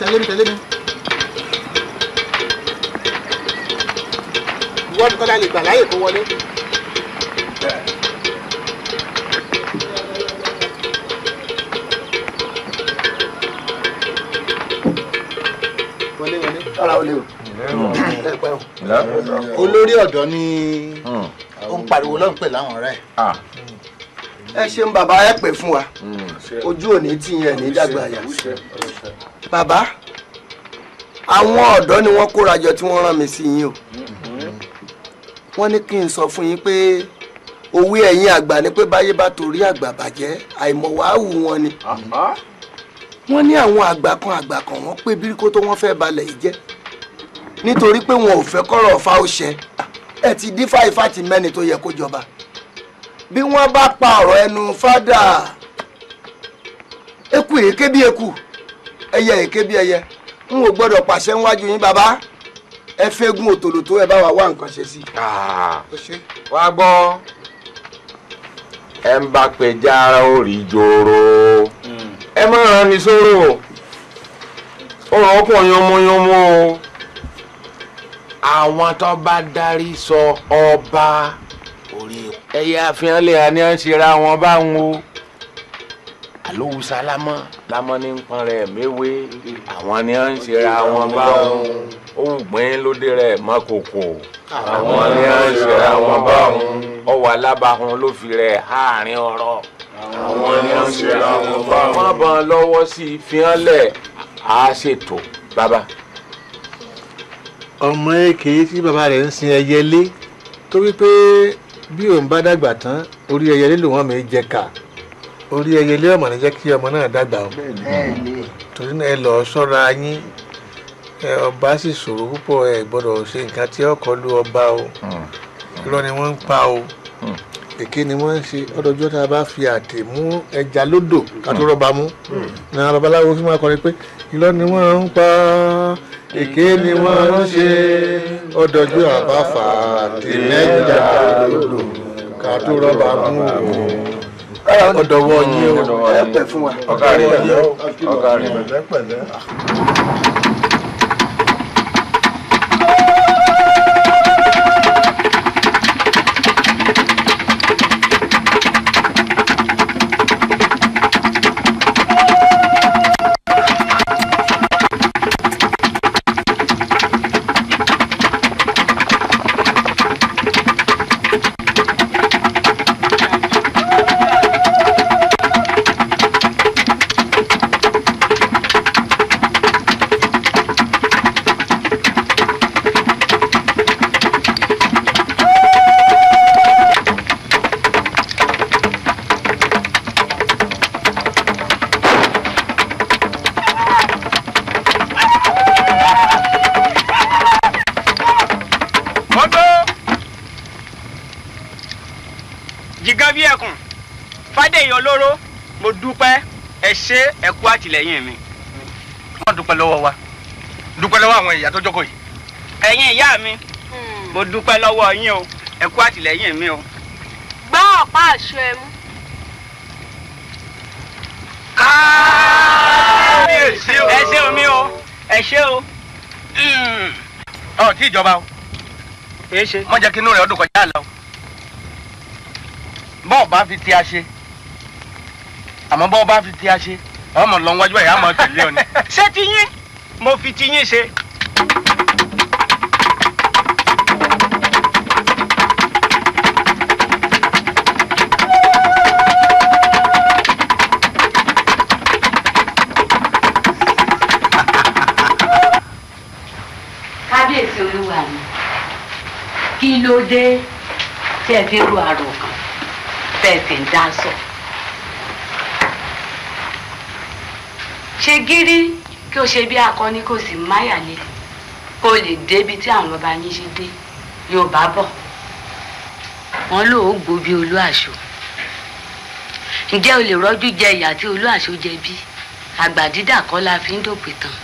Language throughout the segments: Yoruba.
tẹ̀lé mi tẹ̀lé mi. ìwọ nìkan la lè gbà láyè kó wọlé. wọlé wọlé. ara olè o. olórí ọ̀dọ́ ni hmm. ó ń pariwo lọ́n pè láwọn ọ̀rẹ́ ẹ̀ ah. ẹ ṣeun bàbá ẹ pè fún wa hmm. ojú òní tìyẹn ní dàgbà yà bàbá àwọn ọ̀dọ́ ni wọ́n kóra jọ tí wọ́n rán mi sí yín o wọ́n ní kí n sọ fún yín pé òwe ẹ̀yin àgbà ni pé báyé bá torí àgbà bàjẹ́ àìmọ̀wáhù wọn ni wọ́n ní àwọn àgbà kan àgbà kan wọ́n pé bíríkó tó wọ́n fẹ́ balẹ̀ yìí jẹ́ nítorí pé wọn ò fẹ́ kọ́rọ̀ ọ̀fà ó ṣẹ ẹ ti dífá ifá ti mẹ́ni tó yẹ kó jọba bí wọ́n bá pa ọ̀rọ̀ ẹnu fádà eku èké bí eku ẹyẹ èké bí ẹyẹ n ò gbọ́dọ̀ pàṣẹ níwájú yín bàbá ẹ fẹ́gun òtòlótó ẹ bá wa wá nǹkan ṣe sí. Ah. wá gbọ́ ẹ ń bá pẹja ara ó rí jòrò hmm. ẹ má ràn ní sóró ọ̀rọ̀ ọkọ̀ yanmọ́yanmọ́ o àwọn tó bá darí sọ ọba orí ẹ̀yà àfihàn lè hàn à ń ṣe ra wọn báwọn o àlówù salama. lámọ ní nǹkan rẹ méwé àwọn ni wọn ń ṣera wọn báwọn ohun gbìn lóde rẹ mọkòkò àwọn ni wọn ń ṣera wọn báwọn ọwọ alábàáhùn ló fi rẹ àárín ọ̀rọ̀ àwọn ni wọn ń ṣera wọn báwọn. wọn bọ lọ́wọ́ sí i fihanlẹ a ṣètò bàbá. ọmọ èké tí bàbá rẹ̀ ń sin ẹyẹlé torí pé bí òun bá dàgbà tán orí ẹyẹlé lòun àmì jẹ ká orí ẹyẹlé ọmọ ní jẹ́ kí ọmọ náà dàgbà o torí náà ẹ lọ ṣọ́ra yín ọba sì ṣòro púpọ̀ ẹ gbọ́dọ̀ ṣe nǹkan tí ọkọ̀ lu ọba o hmm. irọ́ ni wọ́n ń pa o hmm. èké ni wọ́n ń ṣe ọdọọjọ́ tá a bá fi àtẹ mú ẹja lódò ká tó hmm. mú ní àwọn babaláwo fi máa kọrin pé irọ́ ni wọ́n ń pa èké ni wọ́n ń ṣe ọdọọjọ́ àbáfà àtẹ mẹ́jà lódò ká tó mú òun ọ̀dọ̀ wọ yín o ẹ tẹ̀ lẹ́yìn mi. wọ́n dúpẹ́ lọ́wọ́ wa dúpẹ́ lọ́wọ́ àwọn ìyá tó jókòó yìí. ẹ̀yin ìyá mi hmm. mo dúpẹ́ lọ́wọ́ yín o ẹ kú àtìlẹ́yìn mi o. gbọ́ ọ̀pá àṣọ ẹ mú. káàbíyèsí o. ẹ ṣé omi o ẹ ṣé o. Hmm. ọ̀ tí ìjọba o. èé ṣe. wọ́n jẹ́ kí inú rẹ̀ ọdún kọjá àlọ́ bọ́ọ̀ bá fi ti a ṣe àmọ́ bọ́ọ̀ bá fi ti a ṣe ọmọ lọ wájú ẹ̀ á mọ tẹ̀lé ọ ni. ṣé ti yín mo fi ti yín ṣe. kábíyèsí olúwa mi kí ló dé tẹ́ ru àròkàn tẹ́ ń dá sọ. ṣe gírí kí o ṣe bí akọni kò sì máyàlé kó o lè débi tí àwọn baba yín ṣe dé yorùbá bọ̀ wọ́n lò ó gbòbi olúàṣọ ǹjẹ́ o lè rọ́jú jẹ ìyà tí olúàṣọ jẹ bí àgbà dídà kọ́ la fi ń dòpè tán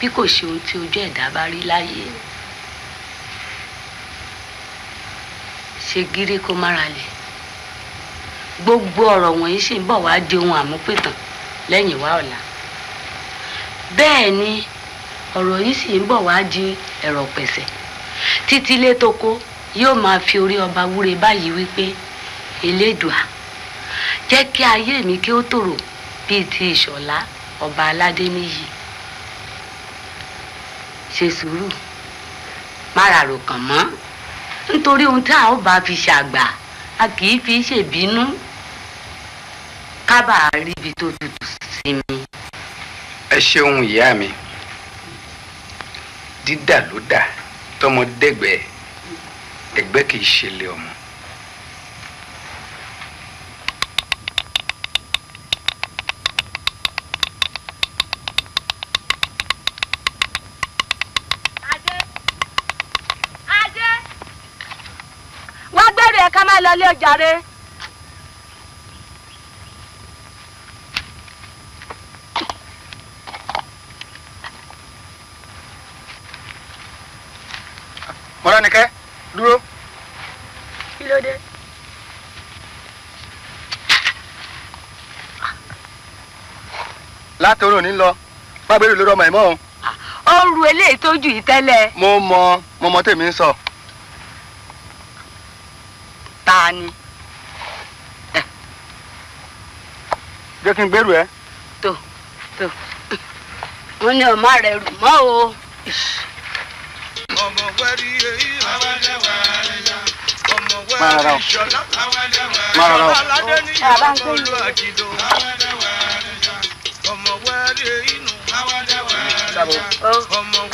bí kò ṣe ohun tí ojú ẹ̀dá bá rí láyé ṣe gírí kó mára lẹ̀ gbogbo ọ̀rọ̀ wọ̀nyí sì ń bọ̀ wá di ohun àmúpẹ̀tàn lẹ́yìn wá ọ̀la. bẹ́ẹ̀ ni ọ̀rọ̀ yìí sì ń bọ̀ wá di ẹ̀rọ pẹ̀sẹ̀ títí ilé tó kó yóò máa fi orí ọba wúre báyìí wípé elédùà jẹ́ kí ayé mi kí ó tòrò bíi ti ìṣọ̀lá ọba aládé níyì ṣe sùúrù má rò kàn mọ́ nítorí ohun tí a ó bá fi ṣàgbà a kì í fi ṣèbínú kábàá ibi tó tutù sí mi. ẹ ṣeun ìyá mi dídà ló dà tọmọdẹgbẹ ẹgbẹ kì í ṣẹlẹ ọmọ. lọlé ọjà rẹ. Fẹ́nikẹ́ dúró. kí ló dé. látòrò ní lọ pábẹ́rù ló rọmọ ẹ̀ mọ́ o. ó ru eléyìí tó jù yìí tẹ́lẹ̀. mo mọ mo mọ tèmi ń sọ. ta ni. jẹ́ kí n gbẹ́rù ẹ. tó tó wọ́n ní ọ̀ma rẹ̀ rù mọ́ o. Márara o. Márara o.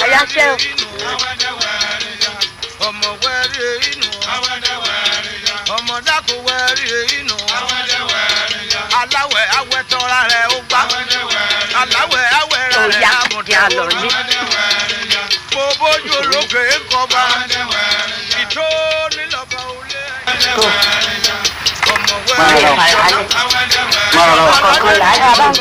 Àyà oh, ṣe o. Ọmọ wẹ́rẹ́ inú. Ọmọ dákú wẹ́rẹ́ inú. Aláwẹ̀ awẹ́ tọ́ra rẹ̀ ó gbá. Aláwẹ̀ awẹ́ rẹ̀ amúdá. Òyà ti àlọ́ ní. cô mà đâu mà đâu con cười lại ra băng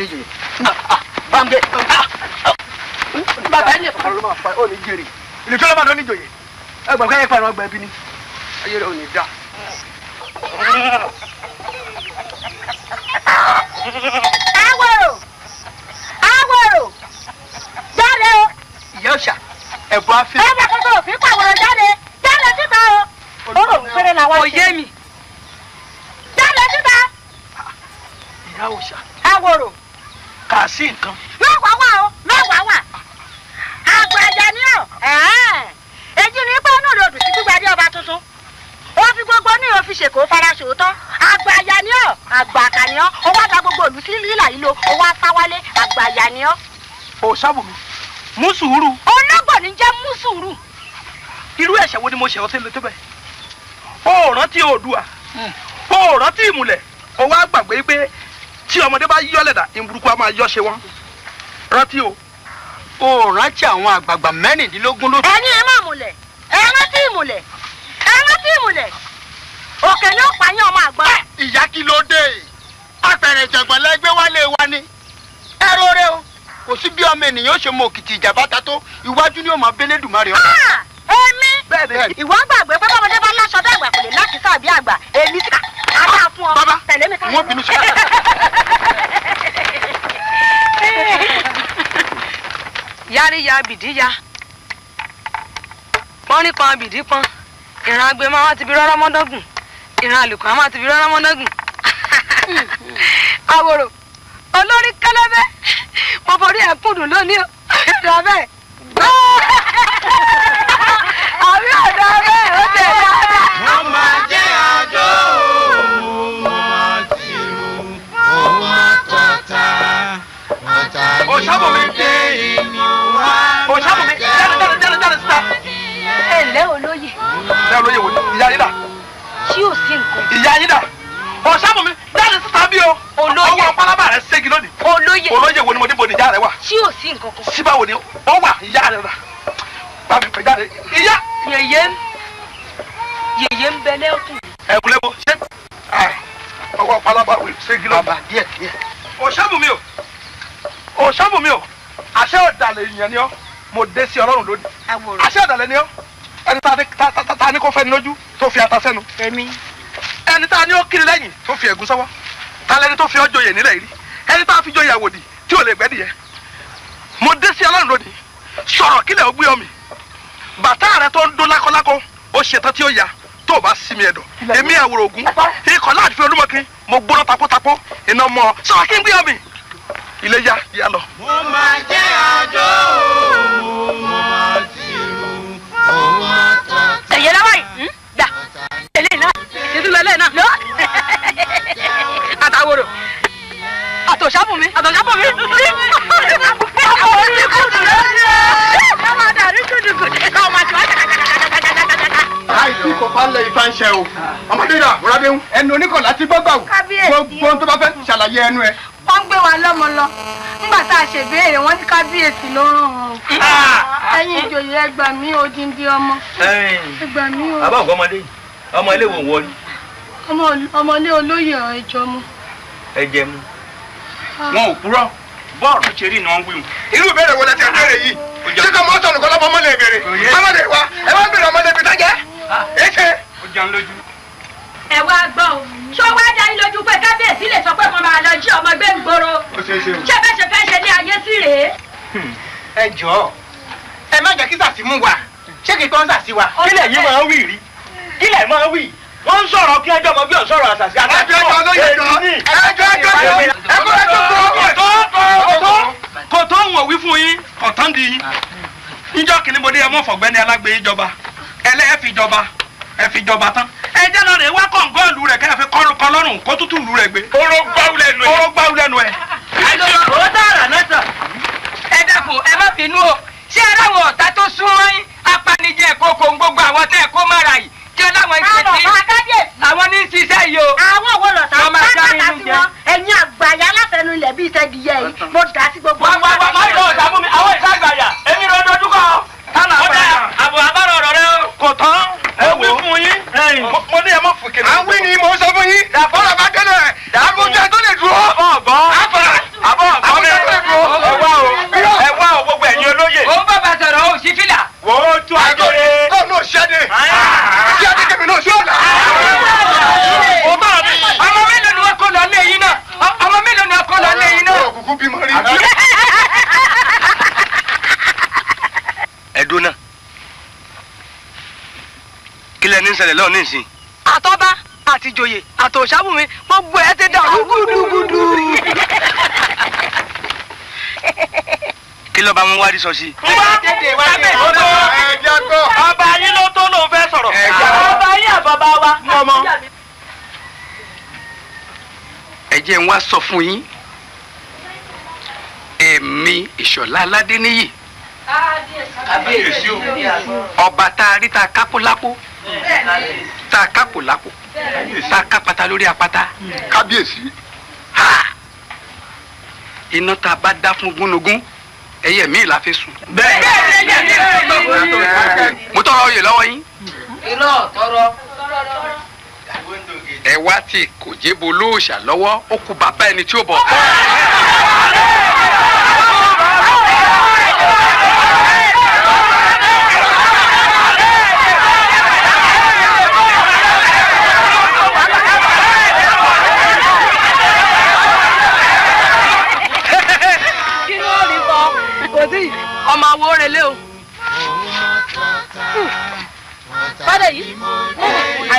rí jù. Ah, bàǹgbẹ ah, ah, bàbá ẹ ní ẹ̀fọ́. ọlọ́mọ àpá ò ní jèrè ìlú tí ọlọ́mọ àdó ní jòyè ẹgbẹ̀rún kẹ́yẹ́ pàrọ̀ ọgbà ẹbí ni. sábò mi mú sùúrù. ọlọ́gbọ̀n ní jẹ́ mú sùúrù. irú ẹ̀ṣẹ̀ wo ni mo ṣe ọ́ sílẹ̀ tó bẹ́ẹ̀. o rántí oòdùà hmm. o rántí ìmùlẹ̀ o wá gbàgbé pé tí ọmọdé bá yọ lẹ̀dà ìburúkú a máa yọ ṣe wọ́n rántí o. o rántí àwọn àgbààgbà mẹ́rìndínlógún ló. ẹni ẹ máa múlẹ̀ ẹ rántí ìmùlẹ̀ ẹ rántí ìmùlẹ̀ òkè ni ó pààyàn ọmọ àgbọn. ìyá kí ló dé apẹ̀rẹ̀ ìjàngbọ̀n lẹ́ ọmọ ènìyàn ó ṣe mọ òkìtì ìjà bàtà tó iwájú ni ó máa bẹ́lẹ́ dùmarè ọ̀hún. Ah! èmi ìwọ gbàgbé pé bọ́mọdé bá láṣọ dàgbà kò lè láti sáàbí àgbà èmi ti kàtà fún ọ tẹ̀lé mi ká. wọ́n bínú sọ. yáríya bìdíya pọ́nrín pọn bìdí pọn ìran agbèmọ́ wa ti fi rárá mọ́dọ́gùn ìran àlùkò àwọn àti fi rárá mọ́dọ́gùn. àwòrò olórí kẹlẹ́bẹ́ mo forí lónìí o ẹ̀dá bẹ́ẹ̀ àbí ọ̀dà bẹ́ẹ̀ ó tẹ̀ dáadáa. wọ́n máa jẹ́ àjọ òun máa tìrù òun máa tọ́ta ọ̀tá ni wọ́n dé ìní wá máa jẹ́ ọ̀tá. ẹ ǹlẹ́ olóye. ìyá olóye wò ni ìyá yín dà. tí ò sí nǹkan. ìyá yín dà ọ̀sàmù mi jáde síta bí o. olóyè ọwọ́ pálábà rẹ ségi lónìí. olóyè olóyè wo ni mo ní bo ni ìyá rẹ wà. tí ò sí nǹkan kan. síbáwo ni ó wà ìyá rẹ rà bá mi pè jáde ìyá. yèyé ń yèyé ń bẹ lẹ́kùn. ẹ wúlé mo ṣé ọwọ́ pálábà rẹ ségi lónìí. bàbá díẹ̀ díẹ̀. ọ̀sàmù mi o ọ̀sàmù mi o àṣẹ ọ̀dàlẹ̀ èèyàn ni ọ́ mo dé sí ọlọ́run lónìí àṣẹ ọ̀dàlẹ̀ ni ọ́ ẹni tá a ní kó fẹ́ ni lójú tó fi ata sẹ́nu. èmi ẹni tá a ní ó kiri lẹ́yìn tó fi ẹ̀gún sọ́wọ́ ta lẹni tó fi ọjọ́ yẹ nílẹ̀ yìí ẹni tá a fi jọ ìyàwó tí ò lè gbẹ́ dìyẹ mo dé sí ọlọ́run lónìí sọ̀rọ̀ kílẹ̀ ó gbé ọmì bàtà rẹ tó ń dún lákọ́lákọ́ ó ṣetán tí ó yà tó bá sí mi ẹ̀dọ̀ èmi àwòrán ògún ikọ̀ láti fi olúmọ̀kí mo gbóná tapótapó iná mọ́ sọ̀rọ̀ kí n gbé ọmì ilé yá yá lọ. mo máa jẹ́ àjọ òun mo máa tún lọ lẹ́yìn náà lọ àtàwòrò àtòṣàbùnmi àtòṣàbùnmi àwọn ti kú dùn lórí ẹ káwọn àdàrí kùdùkùdù káwọn máa ti wá láìsí ìkọ̀fàlẹ̀ ìfànṣẹ́ o ọmọdé náà rọ́dẹ́hùn ẹnu oníkọ̀lá ti gbọ́gbà o gbogbo ohun tó bá fẹ́ ṣàlàyé ẹnu ẹ. wọ́n ń gbé wa lọ́mọ lọ nígbà tá a ṣèbéèrè wọ́n ní kábíyèsí ló ràn wọ́n ah! ẹ̀yin ìjòyè ẹ gbà mí odindi ọmọ ẹ gbà mí o. bàbá ògbọ́mọdé ọmọ ilé ìwòwò ni ọmọlé olóyè ẹjọ mu. ẹ jẹ mu ah. wọn ò purọ́ bọ́ọ̀lù ṣe rí iná ń wíwù. irú ìbéèrè wo la ti béèrè yìí ṣé kò mọ́tò nìkan lọ́mọ lè béèrè ọmọdé wa ẹ wá béèrè ọmọdé bìtá jẹ́ ah. ẹ̀ṣẹ̀. ó jẹun lójú. ẹ wá gbọ́ o ṣó wá dá yín lójú pé kábíyèsí lè sọ pé mo máa lọ jí ọmọ gbé ngboro ṣé bẹ́ẹ̀ ṣe fẹ́ ṣe ní ayé sí rèé. Hmm. ẹ jọ̀ọ́ ẹ má jẹ́ kí sàṣì mú wa ṣé kì í kọ́ sàṣì wa kílẹ̀ yìí máa ń wì rí kílẹ̀ máa ń wì wọ́n ń sọ̀rọ̀ kí ẹjọ́ mọ bí ọ̀ sọ̀rọ̀ àṣàṣì àtàkùn ẹ̀mí ni ẹjọ́ ẹjọ́ ẹkọ ẹjọ́ kòtó kòtó kòtó ń wọ̀ wí fún yín ọ̀tán di yín níjọ́ kìnìún bòde ẹmọ fọ̀gbẹ́ni alágbèé jọba ẹlẹ́ẹ̀fìjọba ẹ̀fìjọba tán ẹjẹ́ lọ́rẹ̀ wá kọ̀ǹgọ́ ìlú rẹ̀ kẹ́yàfẹ́ kọ́ lọ́rùn kó tútù ìlú rẹ̀ gbé. oró gbáwù lẹ́nu ẹ̀. oró gbáwù lẹ́nu ẹ̀. àjọyọ̀ ó tààrà náà tàn. ẹ dàpọ̀ ẹ má bínú o ṣé ẹ ráwọn ọ̀tá tó súnmọ́ yín apanijẹ́ kókó gbogbo àwọn tẹ́ ẹ kó mára yìí jẹ́ láwọn ìṣẹ̀lẹ̀ àwọn ọba kábíyèsí. àwọn ní ṣiṣẹ́ yìí o. àwọn owó lọ sáwọn bá bàtà sí wọn ẹ̀yin àgbàyà látẹnu ilẹ̀ bíi iṣẹ́ di yẹ yìí mo dà sí gbogbo. wọ́n wá wọ́n yóò ọ̀dà fún mi àwọn ìṣe àgbàyà èmi ló dojú kálá ọ̀dà àbò àbárò ọ̀rọ̀ rẹ kò tán. ẹ wò ó fún yín. mo ní ẹ mọ̀ fòkè. à ń wí ni sọ fún yín. bọ́lá bá délẹ̀ àbújá tó lè dúró. àbọ̀ sí fìlà. wò ó tún agbóore. kó n'o ṣẹ́ni. ṣẹ́ni ah. kẹ́mi n'o ṣọ́ la. Ah. o bá mi. Ah. ọmọ mélòó ni wọ́n kó lọ lẹ́yìn náà ọmọ mélòó ni wọ́n kó lọ lẹ́yìn náà. ọ̀rọ̀ kúkú bímọ rí. ẹ̀dùn náà kílẹ̀ ní ṣẹlẹ̀ lọ́ọ̀ ní ìsìn. àtọ́ba àtìjòyè àtòṣàbùnmi gbogbo ẹ ti dà kí lọ́ba mú wárí sọ sí. ọba yín ló tó lòun fẹ́ sọ̀rọ̀ ọba yín àbàbà wa. ẹ jẹ́ n wá sọ fún yín èmi ìṣọ̀lá aládé níyì ọba tá a rí ta kápólápó ta kápólápó ta kápata lórí apata. kábíyèsí. iná tá a bá dá fún gúnugún ẹyẹ mi la fi sùn. bẹ́ẹ̀ bẹ́ẹ̀ bẹ́ẹ̀ bẹ́ẹ̀ bẹ́ẹ̀ bẹ́ẹ̀ mo tọrọ oyè lọ́wọ́ yín. irọ́ tọrọ. ẹ wá tí kò jẹ́ bo lóòṣà lọ́wọ́ ó kú bàbá ẹni tí ó bọ̀.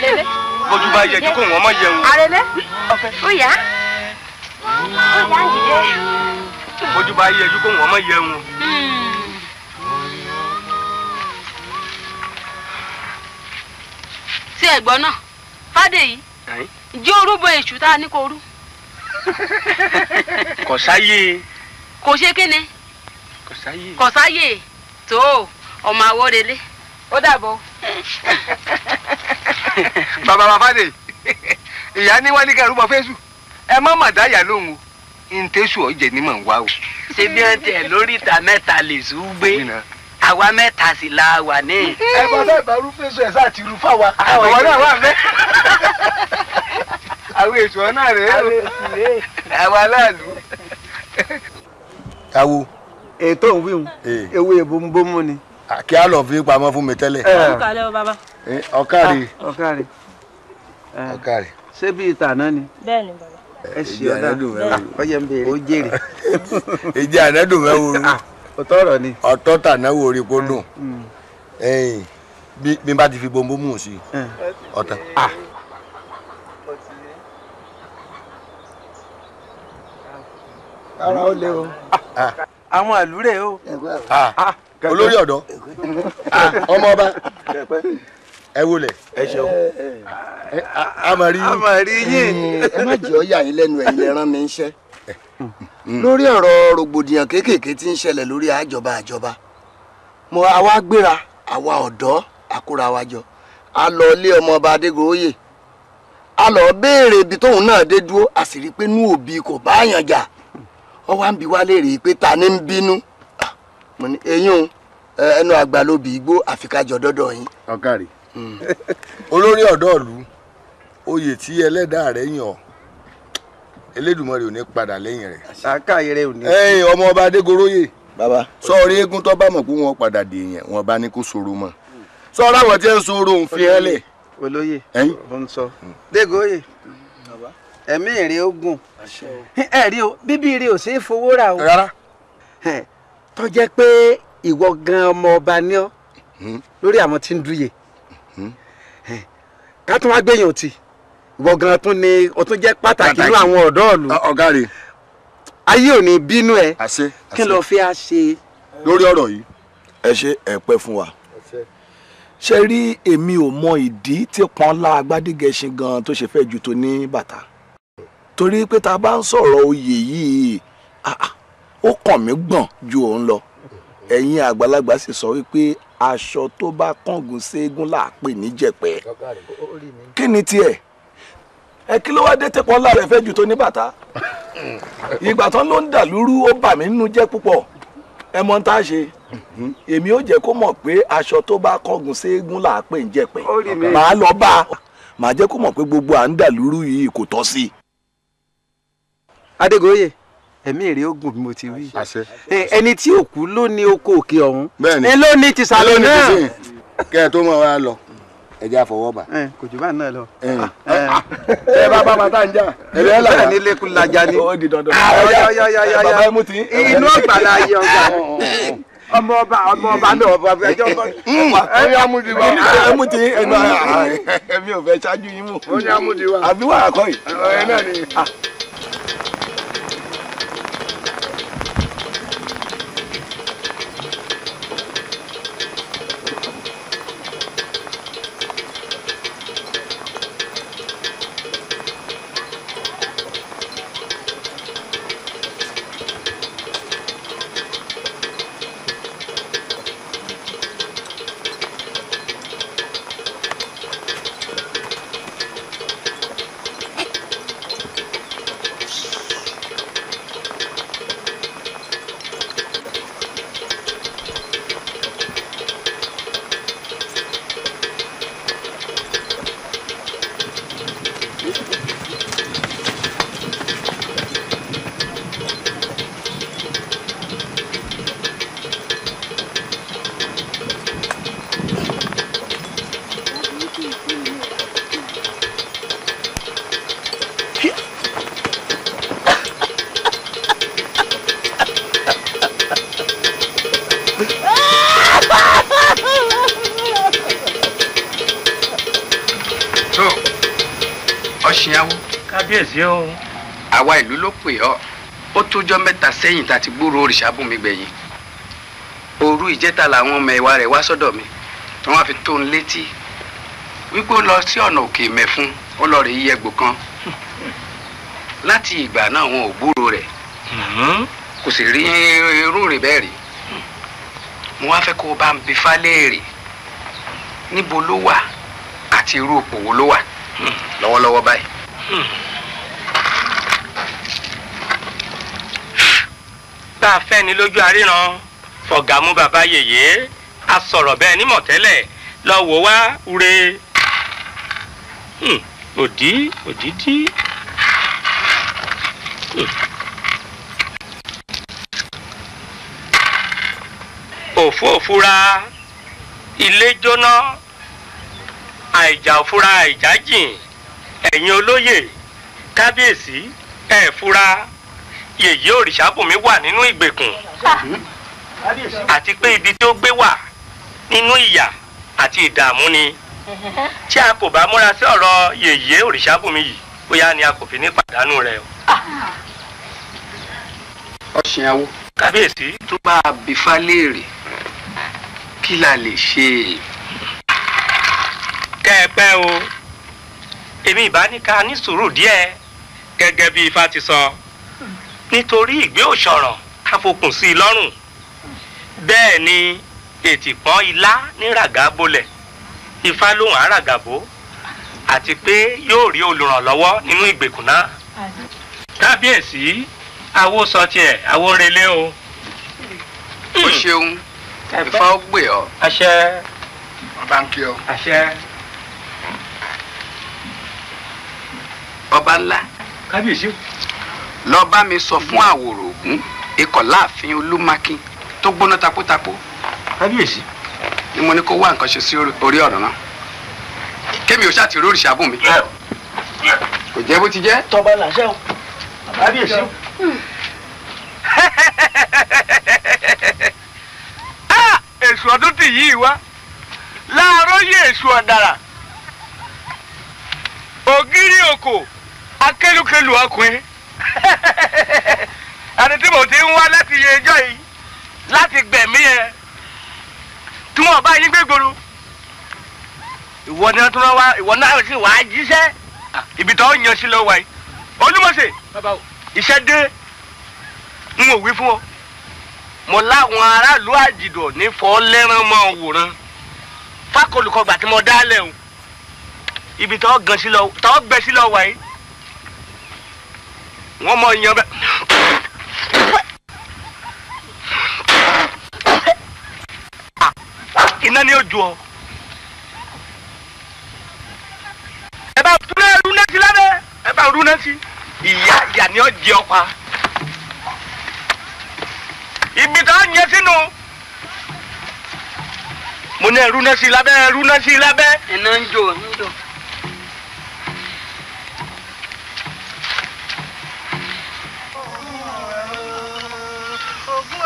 àrẹ̀lẹ̀. bójú bá yẹjú kò wọ́n mọ̀ yẹun. àrẹ̀lẹ̀ ó yá ó yá nìyẹ. bójú bá yẹjú kò wọ́n mọ̀ yẹun. sí hmm. ẹ̀gbọ́n náà fádèyí ǹjẹ́ orúbọ èṣù tá a ní kó kò sáyé. kò ṣe kíni. kò sáyé. kò sáyé tó ọmọ àwòrélé ó dàbọ̀. bàbá bàbá de ìyá ní wá ní kẹrù bọ fésù ẹ má mà dá ìyá lóhùn o ntẹ́sù ọ̀jẹ̀ ni mà ń wá o. ṣé bí wọ́n tiẹ̀ lórí ìta mẹ́ta lè sùn gbé àwa mẹ́ta sì la wà ní. ẹ bá náà bá rúfẹ́ sọ ẹ̀ sá ti rú fáwa. àwọn náà wà fẹ́. àwọn èso náà rèé o. àwọn aláàlú. káwo ètò òun wíwùn ewé ìbomubomu ni kí á lọ fi pamọ́ fún mi tẹ́lẹ̀. ọkàrẹ o bàbá. ọkàrẹ. ọkàrẹ. ọkàrẹ. ṣé bí ìta náà ni. bẹ́ẹ̀ ni bàbá. ẹ ṣe ọ̀dà ọyẹ ń béèrè. ó jèrè. ìjà ànádùn mẹ́wòrú. Ah, ọ̀tọ̀ ọ̀rọ̀ ni. ọ̀tọ̀ tànáwó orí kó ah, dùn. Mm. bí n bá ti fi gbòǹgbò mú un sí i eh. ọ̀tọ̀. ara ó lé o. Ah. àwọn àlùrè o olórí ọ̀dọ́ ah, ọmọ ọba ẹ wọlé ẹ ṣeun amari amari yín mm. ẹ má jẹ́ ó yà yín lẹ́nu ẹ̀yin lẹ rán mi ń ṣẹ́ mm. lórí ọ̀rọ̀ rògbòdìyàn kéékèèké tí ń ṣẹlẹ̀ lórí àjọba àjọba mo àwa gbéra àwa ọ̀dọ́ àkóra wa jọ a lọ ilé ọmọọba adégoróyè a lọ béèrè ibi tóun náà dé dúró a sì pé inú òbí kò bá àyàn jà ọ ń bi wá léèrè pé ta ni ń bínú mo ní eyín ẹnu àgbà ló bì í gbó àfikájọ dọ́dọ̀ yín. ọ̀kàrí hmm. olórí ọ̀dọ́ ìlú oyè tí ẹlẹ́dàá rẹ̀ yàn Elédùmarè ò ní padà lẹ́yìn rẹ̀. àkàyè rẹ ò ní. ẹyìn ọmọ ọba Adégoróyè baba sọọri eégún tó bá mọ̀ pé wọ́n padà dé yẹn wọ́n bá ní kó sọ̀rọ̀ mọ́ sọ̀rọ̀ àwọn tí ń sọ̀rọ̀ òun fi hẹ́lẹ̀. olóyè ó ń sọ hmm. Dégóyè ẹ̀mí rẹ̀ ó gùn ẹ̀rí o bíbí rẹ̀ ò ṣeé fowó rà o tó jẹ́ pé ìwọ gan ọmọ ọba ní ọ hmm. lórí àwọn tí ń dúye hmm. ká tún wá gbẹ̀yìn òtì ìwọ gan tún ni o tún jẹ́ pàtàkì nínú àwọn ọ̀dọ́ ọ̀lú ọ̀gá rẹ̀ ayé ò ní bínú ẹ kí ló fi á ṣe. lórí ọ̀rọ̀ yìí ẹ ṣe ẹ pẹ́ fún wa ṣe rí èmi ò mọ ìdí tí Pọ́nlá Agbádégẹṣin gan tó ṣe fẹ́ ju tó ní bàtà torí pé tá a bá ń sọ̀rọ̀ oyè yìí ah ó kàn mí gbọ̀n ju òun lọ ẹ̀yin àgbàlagbà sì sọ wípé aṣọ tó bá kángun séégún láàpè níjẹ̀pẹ́ kí ni tiẹ̀ ẹ kí ló wá dé tẹpọ ńlá rẹ fẹ ju tó ní bàtà ìgbà tán ló ń dà lúrú ó bà mí nínú jẹ́ púpọ̀ ẹ mọ tá a ṣe èmi ò jẹ́ kó mọ̀ pé aṣọ tó bá kángun séégún láàpè níjẹ̀pẹ́ màá lọ bá a màá jẹ́ kó mọ̀ pé gbogbo à ń dà lúrú yìí kò tọ sí i. Adégoyè ẹ̀mí rẹ̀ ó gùn bí mo ti wí. ẹni tí ò ló ní oko òkè ọ̀hún ni ló ní ti sàlẹ̀ náà. kẹ́ ẹ tó mọ̀ wá lọ ẹjẹ́ àfọwọ́bà. kò jù báyìí náà lọ. Ah, ẹ bá bá bàtà ń jà. ẹ bẹ́ẹ̀ lọ́wọ́ ní lẹ́kùn lajà ni. ó di dandan. Ah, bàbá ẹ mú ti. inú ọ̀gbàlà yẹ ọ̀gá ọmọ ọba ọmọ ọba náà ọba ẹjọ ọba ẹni amúdi wa ẹni amúdi ah, ẹni ẹmi ò fẹ́ ṣáájú yín mú. ó ní àbí wàá kọ́ yìí. ẹ náà ni. tójọ́ mẹ́ta sẹ́yìn tá a ti gbúrò òrìṣà bùnmi gbẹ̀yìn òru ìjẹta làwọn ọmọ ìwà rẹ̀ wá sọ́dọ̀ mi wọn á fi tó ń létí wípé ó lọ sí ọ̀nà òkè mẹ́fún ó lọ rè yẹgbò kan láti ìgbà náà wọn ò gbúrò rẹ̀ hmm. kò sì rí irú rẹ̀ bẹ́ẹ̀ rí mo wá fẹ́ kó o bá ń bi fálẹ́ẹ̀rì níbo ló wà àti irú òpò wo ló wà hmm. lọ́wọ́lọ́wọ́ báyìí. Hmm. tá a fẹ́ ni lójú aríran fọ̀gàmú bàbá yèyé a sọ̀rọ̀ bẹ́ẹ̀ ní mọ̀tẹ́lẹ̀ lọ wò wá re hmm, òdí òdídí. òfú hmm. òfúra ilé jóná àìjà òfúra àìjà jìn ẹ̀yin olóyè kábíyèsí ẹ̀ fúra yèyé òrìṣàbùnmi wà nínú ìgbèkùn àti pé ibi tí ó gbé wà nínú ìyà àti ìdààmú ni tí a kò bá múra sí ọ̀rọ̀ yèyé òrìṣàbùnmi yìí bóyá ni a kò fi ní pàdánù rẹ o. ọ̀sìn awo. kábíyèsí. tó bá a bí falẹ́rì kí la lè ṣe. kẹ́ ẹ pẹ́ o èmi ìbá ní ká ní sùúrù díẹ̀ gẹ́gẹ́ bí ifá ti sọ. So nítorí ìgbé òṣọ̀ràn káfokùn sí i lọ́rùn bẹ́ẹ̀ ni ètìpọ́n ilá ní ràgà bolẹ̀ ifá lòun àràgàbó àti pé yóò rí olùrànlọ́wọ́ nínú ìgbèkùn náà kábíyèsí awo sọ tiẹ̀ awo relé o. o ṣeun ifá ó gbè ọ. àṣẹ. ọba ń kí ọ. àṣẹ. ọba ńlá. kábíyèsí o lọ bá mi sọ fún àwòrò ògún ikọ̀ láàfin olúmakin tó gbóná tapotapo. kábíyèsí. ni mo ní kó wá nǹkan ṣe sí orí ọ̀rọ̀ náà kémi ò ṣàtìrò òrìṣà bùn mi. kò jẹ́ bó ti jẹ́. tọba làṣẹ o kábíyèsí. Ah! èṣù ọdún ti yí wa láàárọ̀ yé èṣù ọ̀dàrà ògiri òkò akélukèlù ọkùnrin. ẹni tí mo ti ń wá láti iye ẹjọ́ yìí láti gbẹ̀mí ẹ tí wọn bá yín gbégboro ìwọ náà tó wá ìwọ náà sì wá jíṣẹ́ ibi tó ń yan sí lọ wá yìí olúmọ̀sẹ̀ iṣẹ́ dé n ò wí fún ọ mo láwọn aráàlú àjìdọ̀ ní fọ́ọ́lẹ́rán mọ́ òwòrán fákòlùkọgbà tí mo dá lẹ́hùn ibi tó gan sí lọ tó gbẹ sí lọ yìí wọ́n mọ ìyàn bẹ́ẹ̀. iná ni ó ju ọ. ẹ bá tún náà sí lábẹ́ ẹ bá rúná sí ìyá ìyá ni ó jẹ ọ pa. ibi tá a yẹ sínú. mo ní ẹ rúná sí lábẹ́ ẹ rúná sí lábẹ́. iná ń jó ń jó.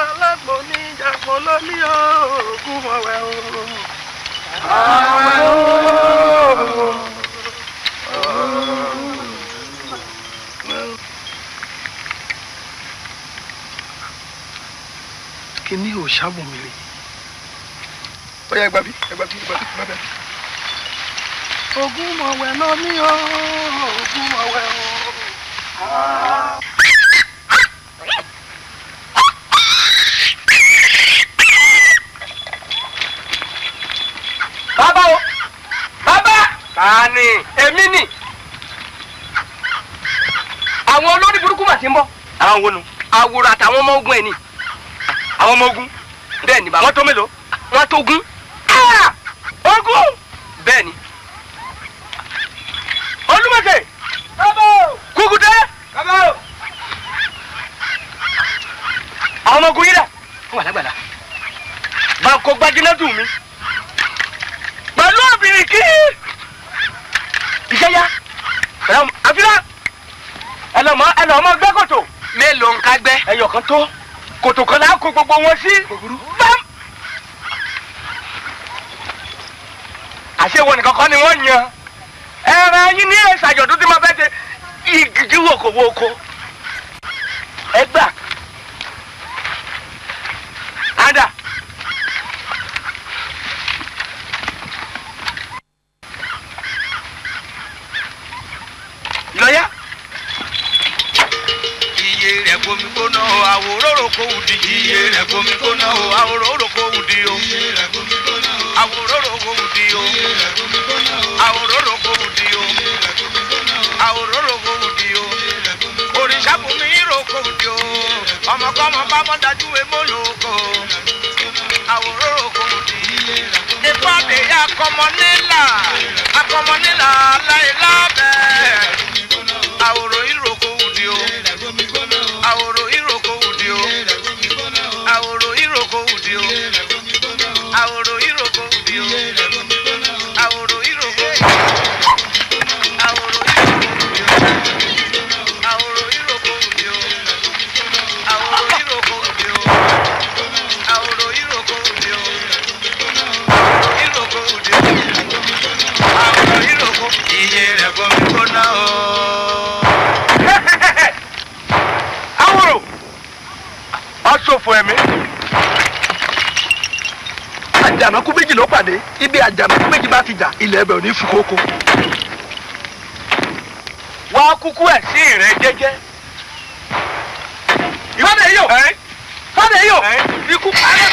alágbo ní ìjàpọ̀ lómi òògùn ọ̀wẹ́ o. àwẹ̀ o. kíní ò ṣàbùnmi rè. ó yá ẹgbàbí ẹgbàbí ẹgbàbí ẹgbàbí. ògùn mọ̀wẹ̀ lọ mí o ògùn mọ̀wẹ̀ tani Emi ni àwọn olórí burúkú mà ti ń bọ̀. àwọn wo nu. àwòrán àtàwọn ọmọ ogun ẹ ni. àwọn ọmọ ogun. bẹ́ẹ̀ ni bàbá. wọ́n tó mélòó. wọ́n tó ogun. kábọ̀. Ah! kábọ̀. ogun yìí dà. fún àlágbàlá. bá a kó kan tó kòtò kan láà kó gbogbo wọn sí bám. àṣewọ nìkan kọ́ ni wọ́n yan ẹran yín ní ẹ̀ṣàjọ̀dún tí wọ́n fẹ́ ṣe ìgìjú òkòwò oko. ilẹ̀ ẹbẹ̀ ò ní fún kókó. wá kúkú ẹ̀ sí ìrẹ́ jẹ́jẹ́. fọ́dẹ̀ yóò fọ́dẹ̀ yóò ikú parẹ́.